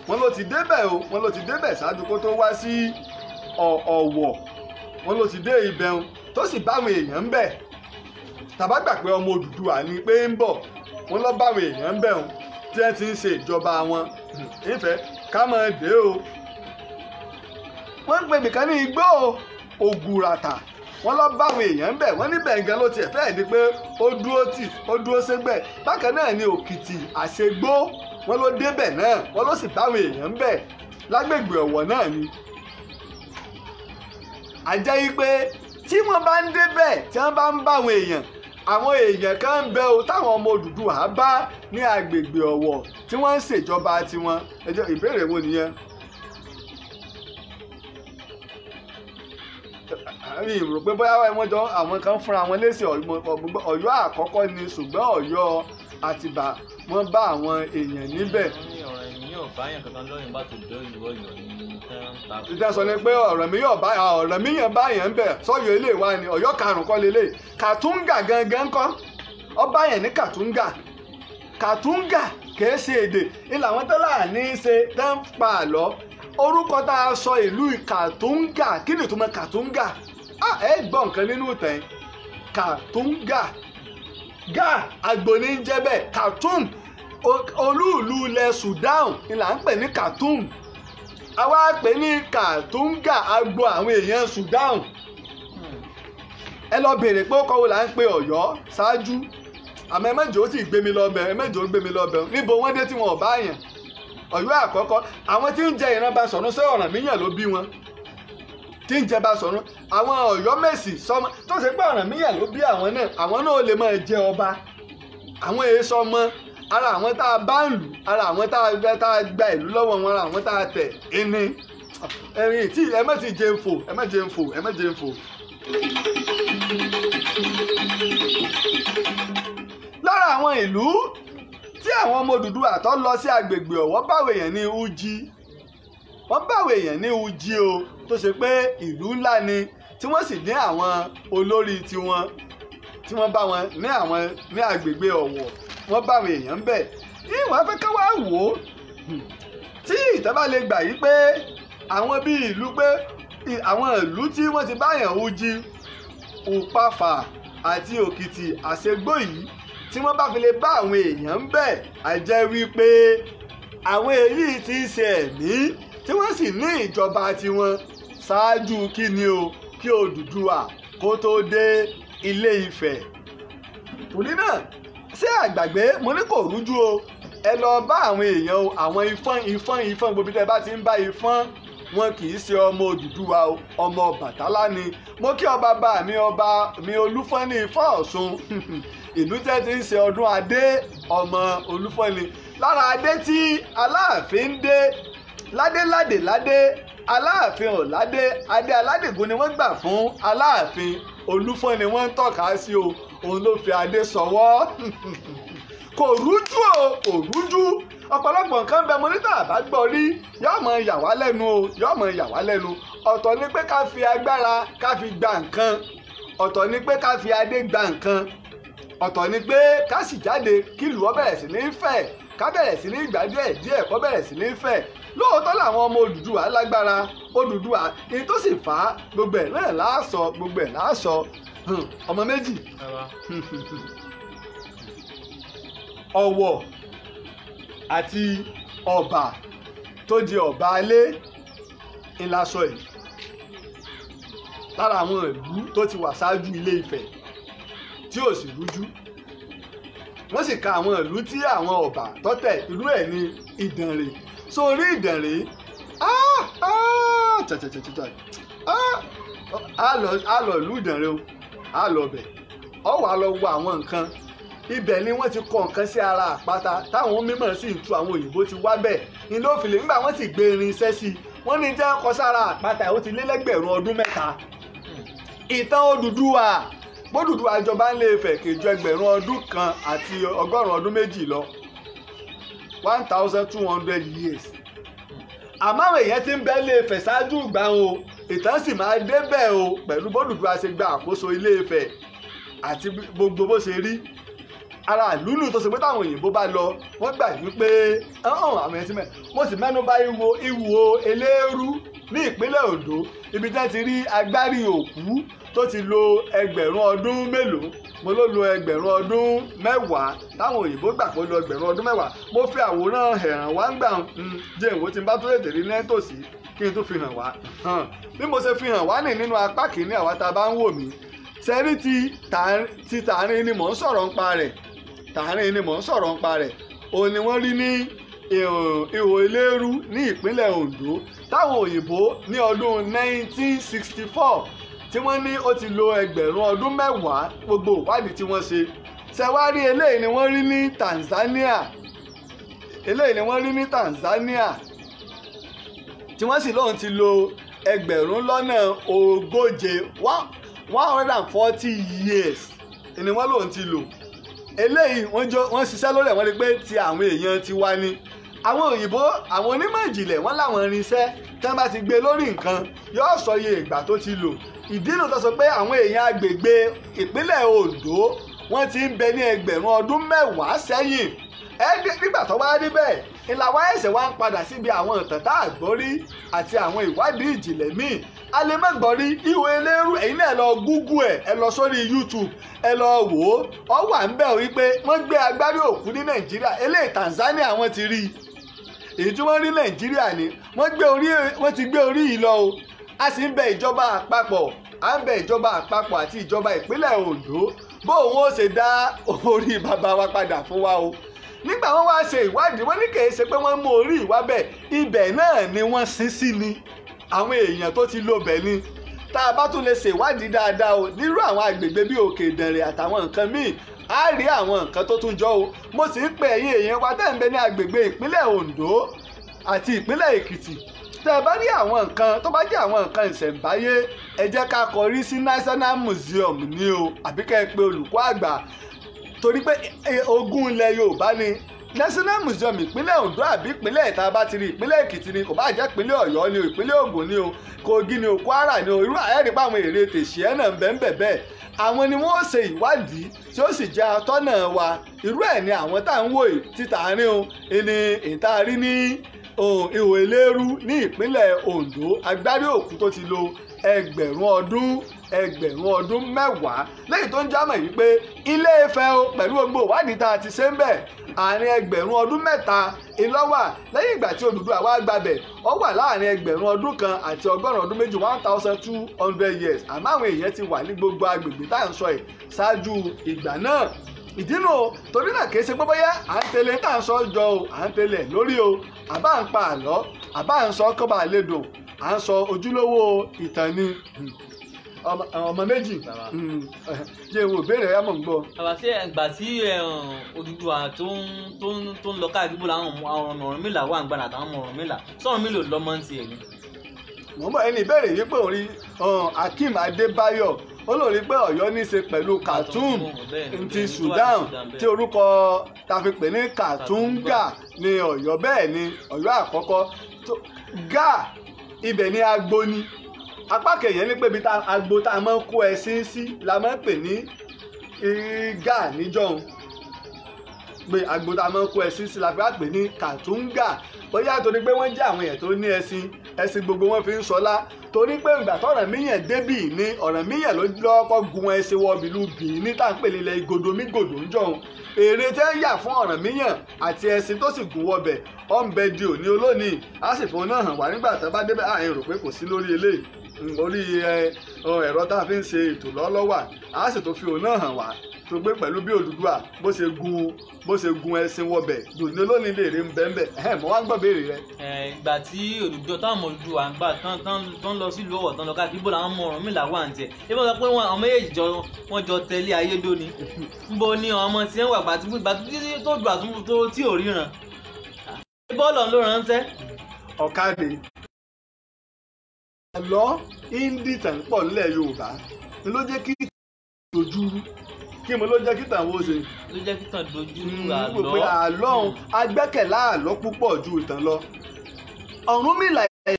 B: wọ́n ló ti débẹ̀ o wọ́n ló ti débẹ̀ ṣáájú kó tó wá sí Ọ̀wọ̀ wọ́n ló ti dé ibẹ̀ o tó sì báwọn èèyàn ń bẹ̀ tàbá gbà pé ọmọ Odùduwà ni pé ń bọ̀ wọ́n lọ báwọn èèyàn ń bẹ̀ o tí wọ́n ti ń ṣe ìjọba wọn ìfẹ́ ká máa dé o wọ́n ń pè nìkan ní igbó ògùràtà wọ́n lọ báwọn èèyàn ń bẹ̀ wọ́n níbẹ̀ nǹkan ló tiẹ̀ fẹ́ẹ̀ ni pé ó dúró tì ó dúró ségbẹ̀ bákan náà ni òkìtì àṣegbó wọ́n ló débẹ̀ náà wọ́n ló sì báwọn èèyàn ń bẹ̀ lágbègbè ọ̀wọ̀ náà ni. àjẹ́ yìí pé tí wọ́n bá ń débẹ̀ tí wọ́n bá ń báwọn èèyàn àwọn èèyàn kan ń bẹ o táwọn ọmọ Odùduwà bá ní agbègbè Ọ̀wọ̀ tí wọ́n ń ṣèjọba tiwọn ẹjọ́ ìbéèrè wo nìyẹn. mi rò pé bóyá wọ́n jọ àwọn kan fúnra wọn léṣe Ọ̀yọ́ àkọ́kọ́ ni ṣùgbọ́n Ọ̀yọ́ Àtìbà wọ́n bá àwọn èèyàn níbẹ̀
C: yóò báyàn kankan lọ́yìn bá ti dó ìwọ ìròyìn tán. ìdásọ
B: ni pé ọ̀rọ̀ mi yóò báyàn ọ̀rọ̀ mi yàn báyàn ń bẹ̀ sọ́yọ̀ ilé wa ni ọ̀yọ́ karùn-ún kọ́ lélẹ̀ kàtúngà gangan kọ́ ọ báyàn ní kàtúngà kàtúngà kìí ṣe èdè ilà àwọn tó láàánú ṣe tẹ́ ń pa àlọ́ orúkọ tá a sọ ìlú kàtúngà kí ni ìtumọ̀ kàtúngà ẹ gbọ́ nǹkan nínú ìtàn kàtúngà gà àgbò ní jẹ́ bẹ́ẹ̀ kàtúngà olúùlú ilẹ̀ Sudan ni là ń pè ní Khartoum àwa pè ní Khartoumga agbo àwọn èèyàn Sudan ẹ lọ bèrè pé ó kọ́wọ́ là ń pe Ọ̀yọ́ ṣáájú àmọ́ ẹ sì gbé mi lọ́bẹ̀ ẹ gbé mi lọ́bẹ̀ níbo wọ́n dé tí wọn bá yàn Ọ̀yọ́ àkọ́kọ́ àwọn tí ń jẹ ìran Basọ̀rún sí Ọ̀rànmíyàn ló bí wọn tí ń jẹ Basọ̀rún àwọn Ọ̀yọ́ Mèsì sọmọ tó ṣe pé Ọ̀rànmíyàn ló bí àwọn náà àwọn náà lè máa jẹ ọba àwọn èso ọmọ ara àwọn tá a bá ń lù ara àwọn tá a gba ìlú lọ́wọ́ wọn ara àwọn tá a tẹ̀ ẹni ẹ̀rìn tí ẹ má ti jẹun fò ẹ má jẹun fò ẹ má jẹun fò. lára àwọn ìlú tí àwọn ọmọ Odùduwà tó lọ sí agbègbè Ọ̀wọ̀ báwo èèyàn ní Uji wọ́n báwo èèyàn ní Uji o tó ṣe pé ìlú ńlá ni tí wọ́n sì ní àwọn olórí tiwọn tí wọ́n bá wọn ní àwọn ní agbègbè Ọ̀wọ̀ wọ́n bá àwọn èèyàn bẹ̀ ìwọ̀n afẹ́kẹ́ wá wò ó tí ìtọ́ba lè gbà yí pé àwọn bíi ìlú pé àwọn ìlú tí wọ́n ti báyàn ojì òpàfà àti òkìtì àṣegbó yìí tí wọ́n bá fi lè bá àwọn èèyàn bẹ̀ àjẹ́ wípé àwọn èyí ti ń ṣe ẹ̀mí tí wọ́n sì ní ìjọba tiwọn ṣáájú kí ni o kí Odùduwà kó tó dé Ilé Ifẹ̀ torí náà ṣé àgbàgbé mo ní kò rújú o ẹ lọ bá àwọn èèyàn o àwọn ifán ifán ifán gbogbo tẹ bá ti ń bá ifán wọn kì í ṣe ọmọ Odùduwà ọmọ Ọbàtálá ni mo kí ọba bá mi ọba mi Olúfọ́nì Ifá Ọ̀ṣun ìlú tẹ́ ti ń ṣe ọdún adé ọmọ Olúfọ́nì lára adé tí Aláàfin dé ládéládé ládé Aláàfin ọ̀ládé adé aládègún ni wọ́n gbà fún Aláàfin Olúfọ́nì wọ́n ń tọ́ka sí o òun ló fi adé sọwọ́ kò rújú o kò rújú ọ̀pọ̀lọpọ̀ nǹkan bẹ mo ní rí yóò mọ yà wá lẹ́nu o yóò mọ yà wá lẹ́nu ọ̀tọ̀ ni pé ká fi agbára ká fi gba nǹkan ọ̀tọ̀ ni pé ká fi adé gba nǹkan ọ̀tọ̀ ni pé ká sì jáde kílù ọ bẹ̀rẹ̀ sí ní fẹ̀ ká bẹ̀rẹ̀ sí ní gbà díẹ̀ díẹ̀ kó bẹ̀rẹ̀ sí ní fẹ̀ lóòótọ́ làwọn ọmọ Odùduwà lágbára Odùduwà èyí tó sì fà á gbogbo ẹ̀ náà láàsọ gbogbo ẹ̀ láàsọ Hmm. ọmọ méjì ọ̀wọ̀ àti ọ̀bà tó di ọ̀bà ilé ńlasọ yìí lára àwọn ìlú tó ti wà ṣáájú ilé Ifẹ̀ tí ò sì rújú wọ́n sì ka àwọn ìlú tí àwọn ọ̀bà tọ́tẹ̀ ìlú ẹ̀ ní Ìdànrè sórí Ìdànrè á ah, ah, ah, lọ ìlú Ìdànrè o á lọ bẹ̀ ọ wà lọ wo àwọn nǹkan ibẹ̀ ni wọ́n ti kọ nǹkan sí ara àpáta táwọn mímọ̀ sì tu àwọn òyìnbó ti wá bẹ̀ ni ló fi lè nígbà wọ́n sì gbé irin iṣẹ́ sí i wọ́n ní jẹ́ kọ sára àpáta ó ti lé lẹ́gbẹ̀rún ọdún mẹ́ta ìtàn Odùduwà bódùdú àjọba ń lè fẹ̀ kéjọ ẹgbẹ̀rún ọdún kan àti ọgọ́rùn-ún ọdún méjì lọ one thousand two hundred years àmọ́ àwọn èèyàn ti ń bẹ́ ilé Ifẹ̀ ṣáájú ìgbà o ìtàn sì máa débẹ̀ o pẹ̀lú bọ́ọ̀lù bí wàá ṣe gba àkóso ilé Ifẹ̀ àti gbogbo bó ṣe rí ara lulu tó ṣe pé táwọn òyìnbó bá lọ wọ́n gbà wípé àwọn ẹ̀sìn mẹ́ mo sì mẹ́nu bà ìwo ìwo eléérú ní ìpínlẹ̀ Ondo ibi tẹ́ ti rí agbárí òkú tó ti lo ẹgbẹ̀rún ọdún mélòó mo ló lo ẹgbẹ̀rún ọdún mẹ́wàá táwọn òyìnbó gbà pé lo ẹgbẹ̀rún ọdún mẹ́wàá mo fi àwòrán ẹ̀ràn wá ń gbà ń jẹ́ ìwé tí n bá tó lè tèrí nítòsí kí n tó fi hàn wá bí mo ṣe fi hàn wá nì nínú apá kìíní àwa tá a bá ń wò mí sẹ́rí ti tààrin ni mò ń sọ̀rọ̀ ń pa rẹ̀ tààrin ni mò ń sọ̀rọ̀ ń pa rẹ̀ òun ni wọ́n rí ní ihò ìlérú ní ìpínlẹ̀ Ondo táwọn òyìnbó ní ọdún 1964 tí wọ́n ní ó ti lo ẹgbẹ̀rún ọdún mẹ́wàá gbogbo ìwádìí tí wọ́n ṣe ṣẹ̀wárí eléyìí ni wọ́n rí ní Tanzania eléyìí ni wọ́n rí ní Tanzania tí wọ́n sì lóun ti lo ẹgbẹ̀rún lọ́nà ogóje one hundred and forty years ni wọ́n lóun ti lò eléyìí wọ́n ṣiṣẹ́ lórí ẹ̀ wọ́n rí pé ti àwọn èèyàn ti wá ní àwọn òyìnbó àwọn onímọ̀ ìjìnlẹ̀ wọ́n láwọn irinṣẹ́ tí wọ́n bá ti gbé lórí nǹkan yóò sọ iye ìgbà tó ti lò ìdínà tó sọ pé àwọn èèyàn agbègbè ìpínlẹ̀ Ondo wọ́n ti ń bẹ ní ẹgbẹ̀rún ọdún mẹ́wàá sẹ́yìn nígbà tó wá níbẹ̀ ìlà wa ẹ̀sẹ̀ wa ń padà síbi àwọn ìtàn tá a àti àwọn ìwádìí ìjìnlẹ̀ míì a lè eléru ẹ̀yin náà lọ Google ẹ̀ ẹ lọ sórí YouTube ẹ lọ wò ó ọ wà ń bẹ̀ wípé wọ́n gbé agbárí òkú ní Nàìjíríà eléyìí Tanzania wọ́n ti rí i èyí tí wọ́n rí nàìjíríà ni wọ́n gbé orí wọ́n ti gbé orí yìí lọ o a sì ń bẹ ìjọba àpapọ̀ à ń bẹ ìjọba àpapọ̀ àti ìjọba ìpínlẹ̀ Ondo bó òun ó ṣe dá orí bàbá wa padà fún wa o nígbà wọn wá ṣe ìwádìí wọn ní kì í ṣe pé wọ́n mú orí ìwá bẹ̀ ibẹ̀ náà ni wọ́n sin sí ni àwọn èèyàn tó ti lò bẹ̀ ni tá a bá tún lè ṣèwádìí dáadáa o nírú àwọn àgbègbè bíi òkè ìdẹ̀rẹ̀ àtàwọn nǹkan míì á rí àwọn nǹkan tó tún jọ o mo sì ń pe ẹ̀yin èèyàn wa tẹ́ ń bẹ ní agbègbè ìpínlẹ̀ Ondo àti ìpínlẹ̀ Èkìtì tẹ́ ẹ bá rí àwọn nǹkan tó bá jẹ́ àwọn nǹkan ìṣẹ̀ǹbáyé ẹ jẹ́ ká kọrí sí National Museum ni o àbí ká ẹ pe olùkọ́ àgbà torí pé ogún ilẹ̀ Yorùbá ni National Museum ìpínlẹ̀ Ondo àbí ìpínlẹ̀ ìta bá ti rí ìpínlẹ̀ Èkìtì ni kò bá jẹ́ ìpínlẹ̀ Ọ̀yọ́ ni o ìpínlẹ̀ Ògùn ni o Kogi ni o Kwara ni o irú àyẹ̀rí pàwọn èrè tèṣí ẹ̀ náà ń bẹ́ẹ̀ bẹ́ẹ̀ àwọn ni wọ́n ṣe ìwádìí tí ó sì jẹ́ atọ́nà wa irú ẹ̀ ni àwọn tá à ń wò yìí títà rí o ìní ìtaari ní ihò eléérú ní ìpínlẹ̀ Ondo agbárí òkú tó ti lo ẹgbẹ̀rún ọdún ẹgbẹ̀rún ọdún mẹ́wàá lẹ́yìn tó ń jámọ̀ yìí pé ilé Ifẹ̀ o pẹ̀lú gbogbo ìwádìí tá a ti ṣe ń bẹ̀ àárín ẹgbẹ̀rún ọdún mẹ́ta ìlọ́wà lẹ́yìn ìgbà tí Odùduwà wá gbabẹ̀ wà kan àti ọgọ́rùn ọdún méjì one thousand two hundred years àmọ́ àwọn èèyàn ti wà ní gbogbo agbègbè tá à ń sọ ẹ̀ ṣáájú ìgbà náà ìdínú torí náà kìí ṣe pé à ń tẹ̀lé tá à ọmọ méjì ṣe wo ìbéèrè ẹ mọ̀
C: ń gbọ́. bàbá ṣé ẹgbà tí Odùduwà tó ń lọ káàkiri bó làwọn Ọ̀rúnmìlà wà ń gbàdàn àtàwọn ọmọ Ọ̀rúnmìlà sọ̀rọ̀ mi lò lọ́mọ ń tiẹ̀ ni.
B: mo mọ ẹni ìbéèrè yìí pé orí Akeem Adébáyọ̀ olórí pé Ọ̀yọ́ ní í ṣe pẹ̀lú Khartoum ti Sudan tí orúkọ ta fi pè ní Khartoumga ní Ọ̀yọ́ bẹ́ẹ̀ ni Ọ̀yọ́ àkọ́kọ́ ga ibẹ̀ ni agbóni apá kẹyìn ní pé ibi tá agbo tá a máa ń kó ẹṣin sí la máa ń pè ní igá níjọ́un pé agbo tá a máa ń kó ẹṣin sí la fi wá pè ní kàtúngà bóyá torí pé wọ́n jẹ́ àwọn èèyàn tó ní ẹṣin ẹṣin gbogbo wọn fi ń sọlá torí pé ìgbà tọ̀ràn míyàn débì ní ọ̀ràn míyàn ló lọ́kọ́ gun ẹṣin wọ bìlú bìíní tá à ń pè nílẹ̀ ìgòdò mí gòdò ń jọun èrè tẹ́ ń yà fún ọ̀ràn míyàn àti ẹṣin tó sì gun wọbẹ̀ ọ̀nbẹ di òní olónìí á sì fún un náà hàn wá nígbà tó bá débẹ̀ àárín pé kò sí lórí eléyìí orí ẹ̀rọ tá a fi ń ṣe ètò lọ́lọ́wà a sì tó fi òun náà hàn wá tó gbé pẹ̀lú bí Odùduwà bó ṣe gun bó ṣe gun ẹṣin wọbẹ̀ dòní olónìí lè rí bẹ́ẹ̀nbẹ́ ẹ̀ wá gbọ́ béèrè rẹ.
C: ìgbà tí Odùduwà táwọn ọmọ Odùduwà ń gbà tó ń lọ sílùú Ọ̀wọ̀ tó lọ káàkiri bó làwọn ọmọ Ọ̀rúnmìlà wà ń tiẹ̀ ẹ bá sọ pé àwọn méjèèjì jọ wọn jọ tẹ̀lé ayédò ni nbo ni ọmọ tí wọn wà gbàtúgbà tó àlọ́
B: inditẹ̀ pọ̀ nílẹ̀ yorùbá ni ló jẹ́ kí dojú rú kí mo ló jẹ́ kí tàwọn ó ṣe.
C: ló jẹ́ kí tàn dojú rú àlọ́. mo pe àlọ́
B: òun agbẹ́kẹ̀lá àlọ́ púpọ̀ ju ìtàn lọ. Ọ̀rúnmìlà ẹ̀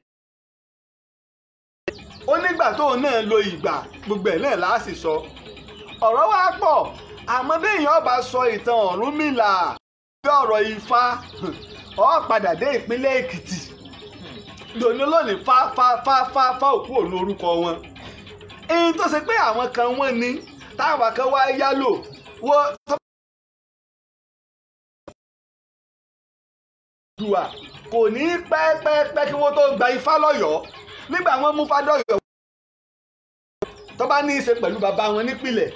B: ó nígbà tóun náà lo ìgbà gbogbo ẹ̀ náà láà sì sọ. ọ̀rọ̀ wa pọ̀ àmọ́ béèyàn ọba sọ ìtàn Ọ̀rúnmìlà bí ọ̀rọ̀ Ifá ó padà dé ìpínlẹ̀ Èkìtì dòní lónìí fa fa fa fa fa òkú òlu orúkọ wọn. ẹni tó ṣe pé àwọn kan wọ́n ní táwọn kan wá yálò wọ́n tó. kò ní pẹ́ẹ́pẹ́ẹ́pẹ́ kí wọ́n tó gba ifá lọ́yọ̀ọ́ nígbà wọn mú fádọ́yọ̀ tó bá ní í ṣe pẹ̀lú bàbá wọn nípìnlẹ̀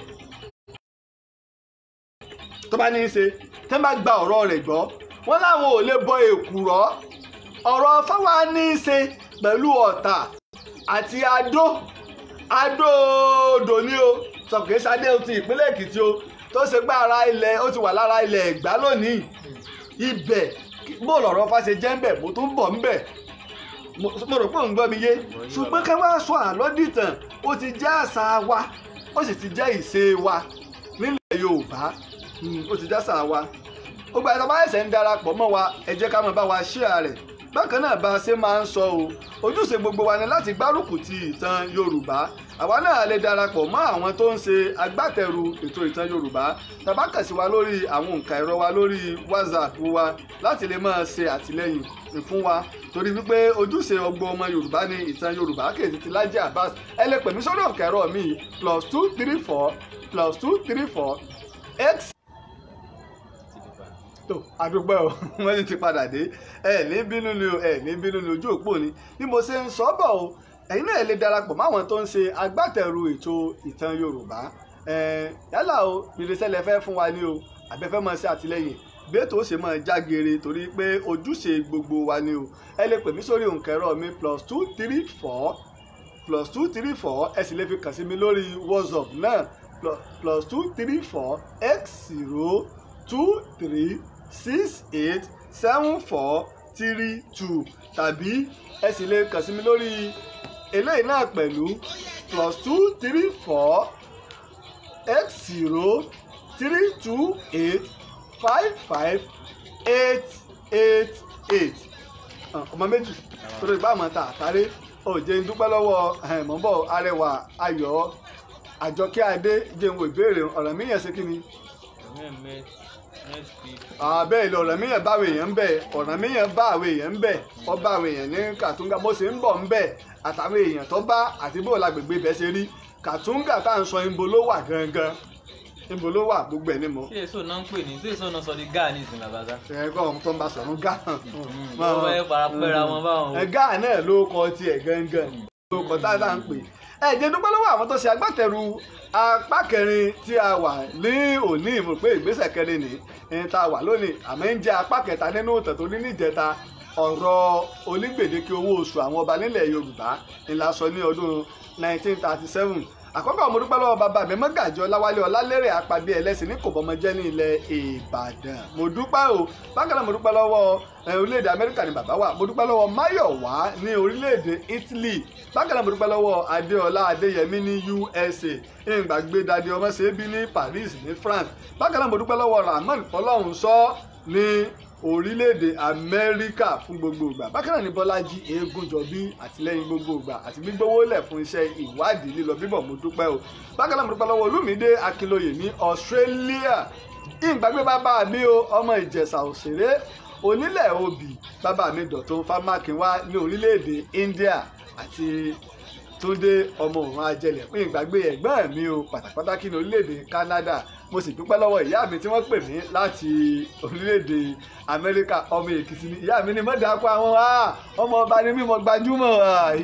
B: tó bá ní í ṣe tẹ́ bá gba ọ̀rọ̀ rẹ̀ gbọ́ wọ́n láwọn ò lè bọ èkùrọ́ ọ̀rọ̀ fáwa ní í ṣe pẹ̀lú ọ̀tà àti adó adó odò ní o sọ̀kè sadé ti ìpínlẹ̀ èkìtì o tó ṣe pé ara ilẹ̀ ó ti wà lára ilẹ̀ ẹ̀gbá lónìí ibẹ̀ bó lọ̀rọ̀ fáṣe jẹ́ ńbẹ̀ mo tún bọ̀ ńbẹ̀ mo rò pé òun gbọ́ mi yé ṣùgbọ́n ká wá sọ àlọ́ ó ti jẹ́ àṣà wa ó sì ti jẹ́ ìṣe wa nílẹ̀ yorùbá hmm, ó ti jẹ́ àṣà wa gbogbo àtàwọn ẹ̀sẹ̀ ń darapọ̀ mọ́ wa ẹ ká máa bá wa ṣíà rẹ̀ bákan náà bá a ṣe máa ń sọ o ojúṣe gbogbo wa ni láti gbárùkù ti ìtàn yorùbá àwa náà lè darapọ̀ mọ́ àwọn tó ń ṣe agbátẹrù ètò ìtàn yorùbá tàbá kàn sí wa lórí àwọn nǹka ẹ̀rọ wa lórí whatsapp wa láti lè máa ṣe àtìlẹ́yìn fún wa torí wípé ojúṣe ọgbọ́n ọmọ yorùbá ni ìtàn yorùbá kèsì ti Laji abas, ẹ lè pè mi plus two three four plus two three four x tó àdúpẹ́ o wọ́n ti ti padà dé ẹ ní bínú ni o ẹ ní bínú ni ojú òpó ni bí mo ṣe ń sọ bọ̀ o ẹ̀yin náà lè darapọ̀ máwọn tó ń ṣe agbátẹrù ètò ìtàn Yorùbá yálà o irinṣẹ́ lẹ fẹ́ fún wa ní o àbẹ́fẹ́ máa ṣe àtìlẹ́yìn bẹ́ẹ̀tò ó ṣe máa jágere torí pé ojúṣe gbogbo wa ni o ẹ lè pè mí sórí òǹkẹ́rọ mi plus two three four plus two three four ẹ sì lè fi kàn sí mi lórí WhatsApp náà plus two three four x zero two three six eight seven four three two tàbí ẹ sì lè kàn sí mi lórí eléyìí náà pẹ̀lú plus two three four eight zero three two eight five five eight eight eight ah, ọmọ méjì torí ìgbà àmọ́ ta àtàrí òjé ń dúpẹ́ lọ́wọ́ eh, mọ́bọ̀ arẹwà ayọ̀ àjọkẹ́ adé jẹun ìbéèrè ọ̀rọ̀ mi yẹn ṣe kí ni àbẹ́ ah, ilẹ̀ Ọ̀rànmíyàn báwo èèyàn ń bẹ̀ Ọ̀rànmíyàn báwo èèyàn ń bẹ̀ ọba àwọn èèyàn ní Kàtúngà bó ṣe ń bọ̀ ń bẹ̀ àtàwọn èèyàn tó bá àti bó lágbègbè ibẹ̀ ṣe rí Kàtúngà tá à ń sọ ibo ló wà gangan ibo ló
C: wà gbogbo ẹ̀ ní mọ́. ṣé èso náà ń pè ní ṣé èso náà sọ ní gáà ní ìsìn làbàdà. ẹ kọ́ tó ń bá sọ̀rọ̀ gáà. Hmm,
B: hmm. hmm, wọ́n fẹ́ ẹ jẹ́ dúpẹ́ lọ́wọ́ àwọn tó ṣe agbátẹrù apá kẹrin tí a wà ní òní mo pé ìgbésẹ̀ kẹrin ní ẹni tá a wà lónìí àmì ń jẹ́ apá kẹta nínú ìtàn tó ní níjẹta ọ̀rọ̀ onígbèdéke owó oṣù àwọn ọba nílẹ̀ Yorùbá ńlá sọ ní ọdún 1937 àkọ́kọ́ mo dúpẹ́ lọ́wọ́ bàbá mi mọ́gàjọ́ láwálé ọ̀làlérè àpàdé ẹlẹ́sìn ní kò bọ́mọ jẹ́ ní ilẹ̀ ìbàdàn mo dúpẹ́ o bákan náà mo dúpẹ́ lọ́wọ́ eh, orílẹ̀-èdè amẹ́ríkà ni bàbá wa mo dúpẹ́ lọ́wọ́ máyọ̀wá ní orílẹ̀-èdè italy bákan náà mo dúpẹ́ lọ́wọ́ adéọlá adéyẹmí ní usa ìgbàgbé dadi ọmọ ṣe ní paris ní france bákan náà mo dúpẹ́ lọ́wọ́ rahman fọlọ́run sọ ní orílẹ̀-èdè amẹ́ríkà fún gbogbo ìgbà bákan náà ni bọ́lájí eégúnjọbí àtìlẹ́yìn gbogbo ìgbà àti gbígbówó lẹ̀ fún iṣẹ́ ìwádìí lílọ bíbọ̀ mo dúpẹ́ o bákan náà mo dúpẹ́ lọ́wọ́ olúmídé akínlóye ní australia ìgbàgbé bàbá mi o ọmọ ìjẹ̀ṣà òṣèré onílẹ̀ obì bàbá mi dọ̀tún fámákinwá ní orílẹ̀-èdè india àti túndé ọmọ òun ajẹlẹ̀ fún ìgbàgbé ẹ̀gbọ́n mi o pátápátá kí ni orílẹ̀-èdè canada mo sì dúpẹ́ lọ́wọ́ ìyá mi tí wọ́n pè mí láti orílẹ̀-èdè ọmọ èkìtì ni ìyá mi ni mọ́ dàákọ́ àwọn ọmọ ọba ni mímọ gbajúmọ̀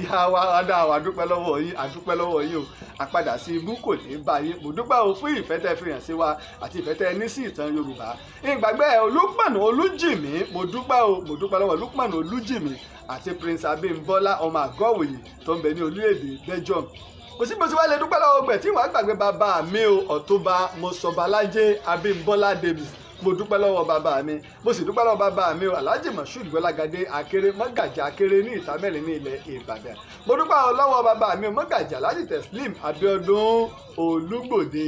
B: ìyá wa ọ̀dà wa dúpẹ́ lọ́wọ́ yín àdúpẹ́ lọ́wọ́ yín o àpadà sí ibú kò ní bá yín mo dúpẹ́ o fún ìfẹ́ tẹ́ fi hàn sí wa àti ìfẹ́ tẹ́ ní sí ìtàn yorùbá ìgbàgbé olúpọ̀nù olújìmí mo dúpẹ́ o mo dúpẹ́ lọ́wọ́ olúpọ̀nù olújìmí àti prince abimbola ọmọ àgọ́wòye tó ń bẹ ní orílẹ̀-èdè belgium kò sí gbèsè wàá lè dúpẹ́ lọ́wọ́ ọgbẹ̀ tí wàá gbàgbé bàbá mi o ọ̀túnba mọ́sọ̀bálájé abimbola davis mo dúpẹ́ lọ́wọ́ bàbá mi mo sì dúpẹ́ lọ́wọ́ bàbá mi o alhaji mashood gbọ́lágadé akéré mọ́gàjà akéré ní ìtàmẹ́rin ní ilẹ̀ ìbàdàn mo dúpẹ́ lọ́wọ́ bàbá mi o mọ́gàjà alhaji teslim abiodun olúgbòde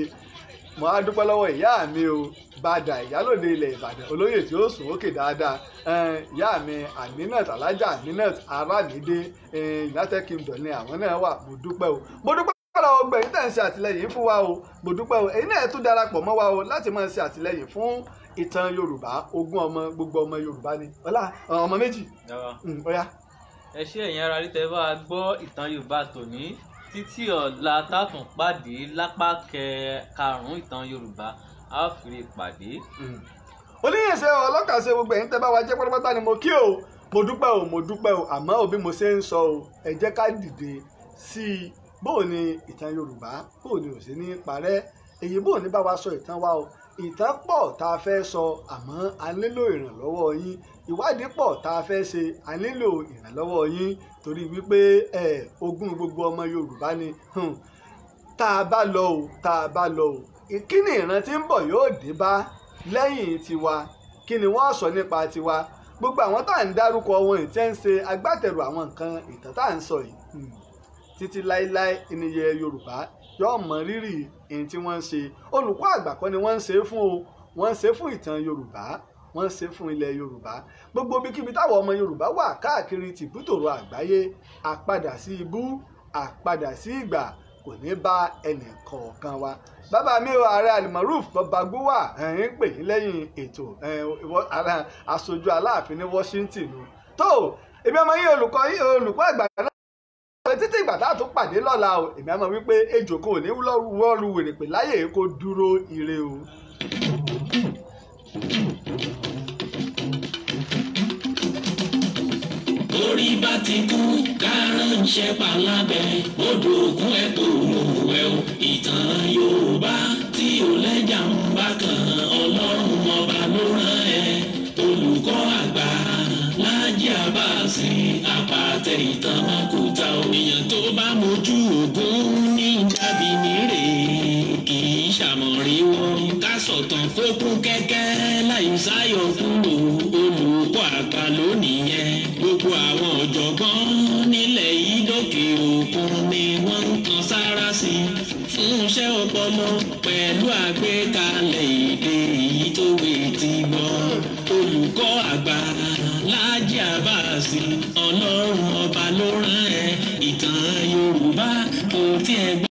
B: mo á dúpẹ́ lọ́wọ́ ìyá mi o bàdà ìyálòde ilẹ̀ ìbàdàn olóyè tí ó sùn òkè dáadáa ìyá mi aminat alhaja aminat aramide united kingdom ni àwọn náà wà mo dúpẹ́ o mo dúpẹ́ kọ́ra ọgbẹ́ yìí tẹ̀ ń ṣe àtìlẹyìn fún wa o mo dúpẹ́ o èyí náà tún darapọ̀ mọ́ wa o láti máa ṣe àtìlẹyìn fún ìtàn yorùbá ogún ọmọ gbogbo ọmọ yorùbá ni ọlá ọmọ méjì ọyá. Hmm,
C: ẹ ṣé ẹ̀yin ará rí tẹ́ bá gbọ́ ìtàn yorùbá tòní títí ọ̀la tátùn pàdé lápá karùn-ún ìtàn yorùbá a fi pàdé. Hmm.
B: oníyèsè ọlọ́kàṣe gbogbo ẹ̀yin tẹ́ bá wa jẹ́ pátápátá ni mo kí o mo dúpẹ́ o mo dúpẹ́ o àmọ́ òbí mo ṣe ń sọ o ẹ jẹ́ ká dìde sí i bóò ni ìtàn yorùbá bóò ni ò sí ní parẹ́ èyí bóò ní bá wa sọ ìtàn wa o ìtàn pọ̀ tá a fẹ́ sọ àmọ́ a nílò ìrànlọ́wọ́ yín ìwádìí pọ̀ tá a fẹ́ ṣe a nílò ìrànlọ́wọ́ yín torí wípé ẹ ogún gbogbo ọmọ Yorùbá ni tá a bá lọ o tá a bá lọ o kíni ìran tí ń bọ̀ yóò dé bá lẹ́yìn tiwa kí ni wọ́n sọ nípa tiwa gbogbo àwọn tá à ń dárúkọ wọn ìtẹ́ ń ṣe agbátẹrù àwọn nǹkan ìtàn tá à ń sọ yìí títí láéláé ìníyẹ Yorùbá yóò mọ rírì èyí tí wọ́n ń ṣe olùkọ́ àgbà kan ni wọ́n ń ṣe fún o wọ́n ń ṣe fún ìtàn Yorùbá wọ́n ń ṣe fún ilẹ̀ yorùbá gbogbo ibikíbi táwọn ọmọ yorùbá wà káàkiri tìbútòrò àgbáyé àpadà sí ibú àpadà sí ìgbà kò ní bá ẹnì kọ̀ọ̀kan wa bàbá mi ò ààrẹ alimoruf bàbágbó wà ẹ̀yìn pè lẹ́yìn ètò aṣojú aláàfin ní washington tó èmi ọmọ yín olùkọ́ yín olùkọ́ àgbà náà pé títí ìgbà tá a tún pàdé lọ́la o èmi àmọ́ wípé ejò kò ní wọ́ọ̀lù wèrèpè láyè kó dúró ire o
A: orí bá ti kú kárànṣẹ́ palábẹ́ odò òkú ẹ̀ tó mú ẹ o ìtàn Yorùbá tí ò lẹ́jà ń bá kan Ọlọ́run ọba ló rán ẹ olùkọ́ àgbà Láàjì Àbáàsì àpàtẹ ìtàn wọn kò tó bá mojú ògún ní dàbí nírèé ṣàmọ̀rí ká sọ̀tàn kó kẹ́kẹ́ láì sáyọ̀ kúrò olùkọ́ àgbà lónìí yẹn gbogbo àwọn ọ̀jọ̀gbọ́n nílẹ̀ yìí lókè òkun ni wọ́n ń kan sára sí i fún iṣẹ́ ọpọlọ pẹ̀lú àgbékalẹ̀ èdè èyí tó wé ti gbọ́ olùkọ́ àgbà Láàjì Àbáàsì ọlọ́run ọba ló rán ẹ ìtàn Yorùbá
D: kò tiẹ̀ gbọ́.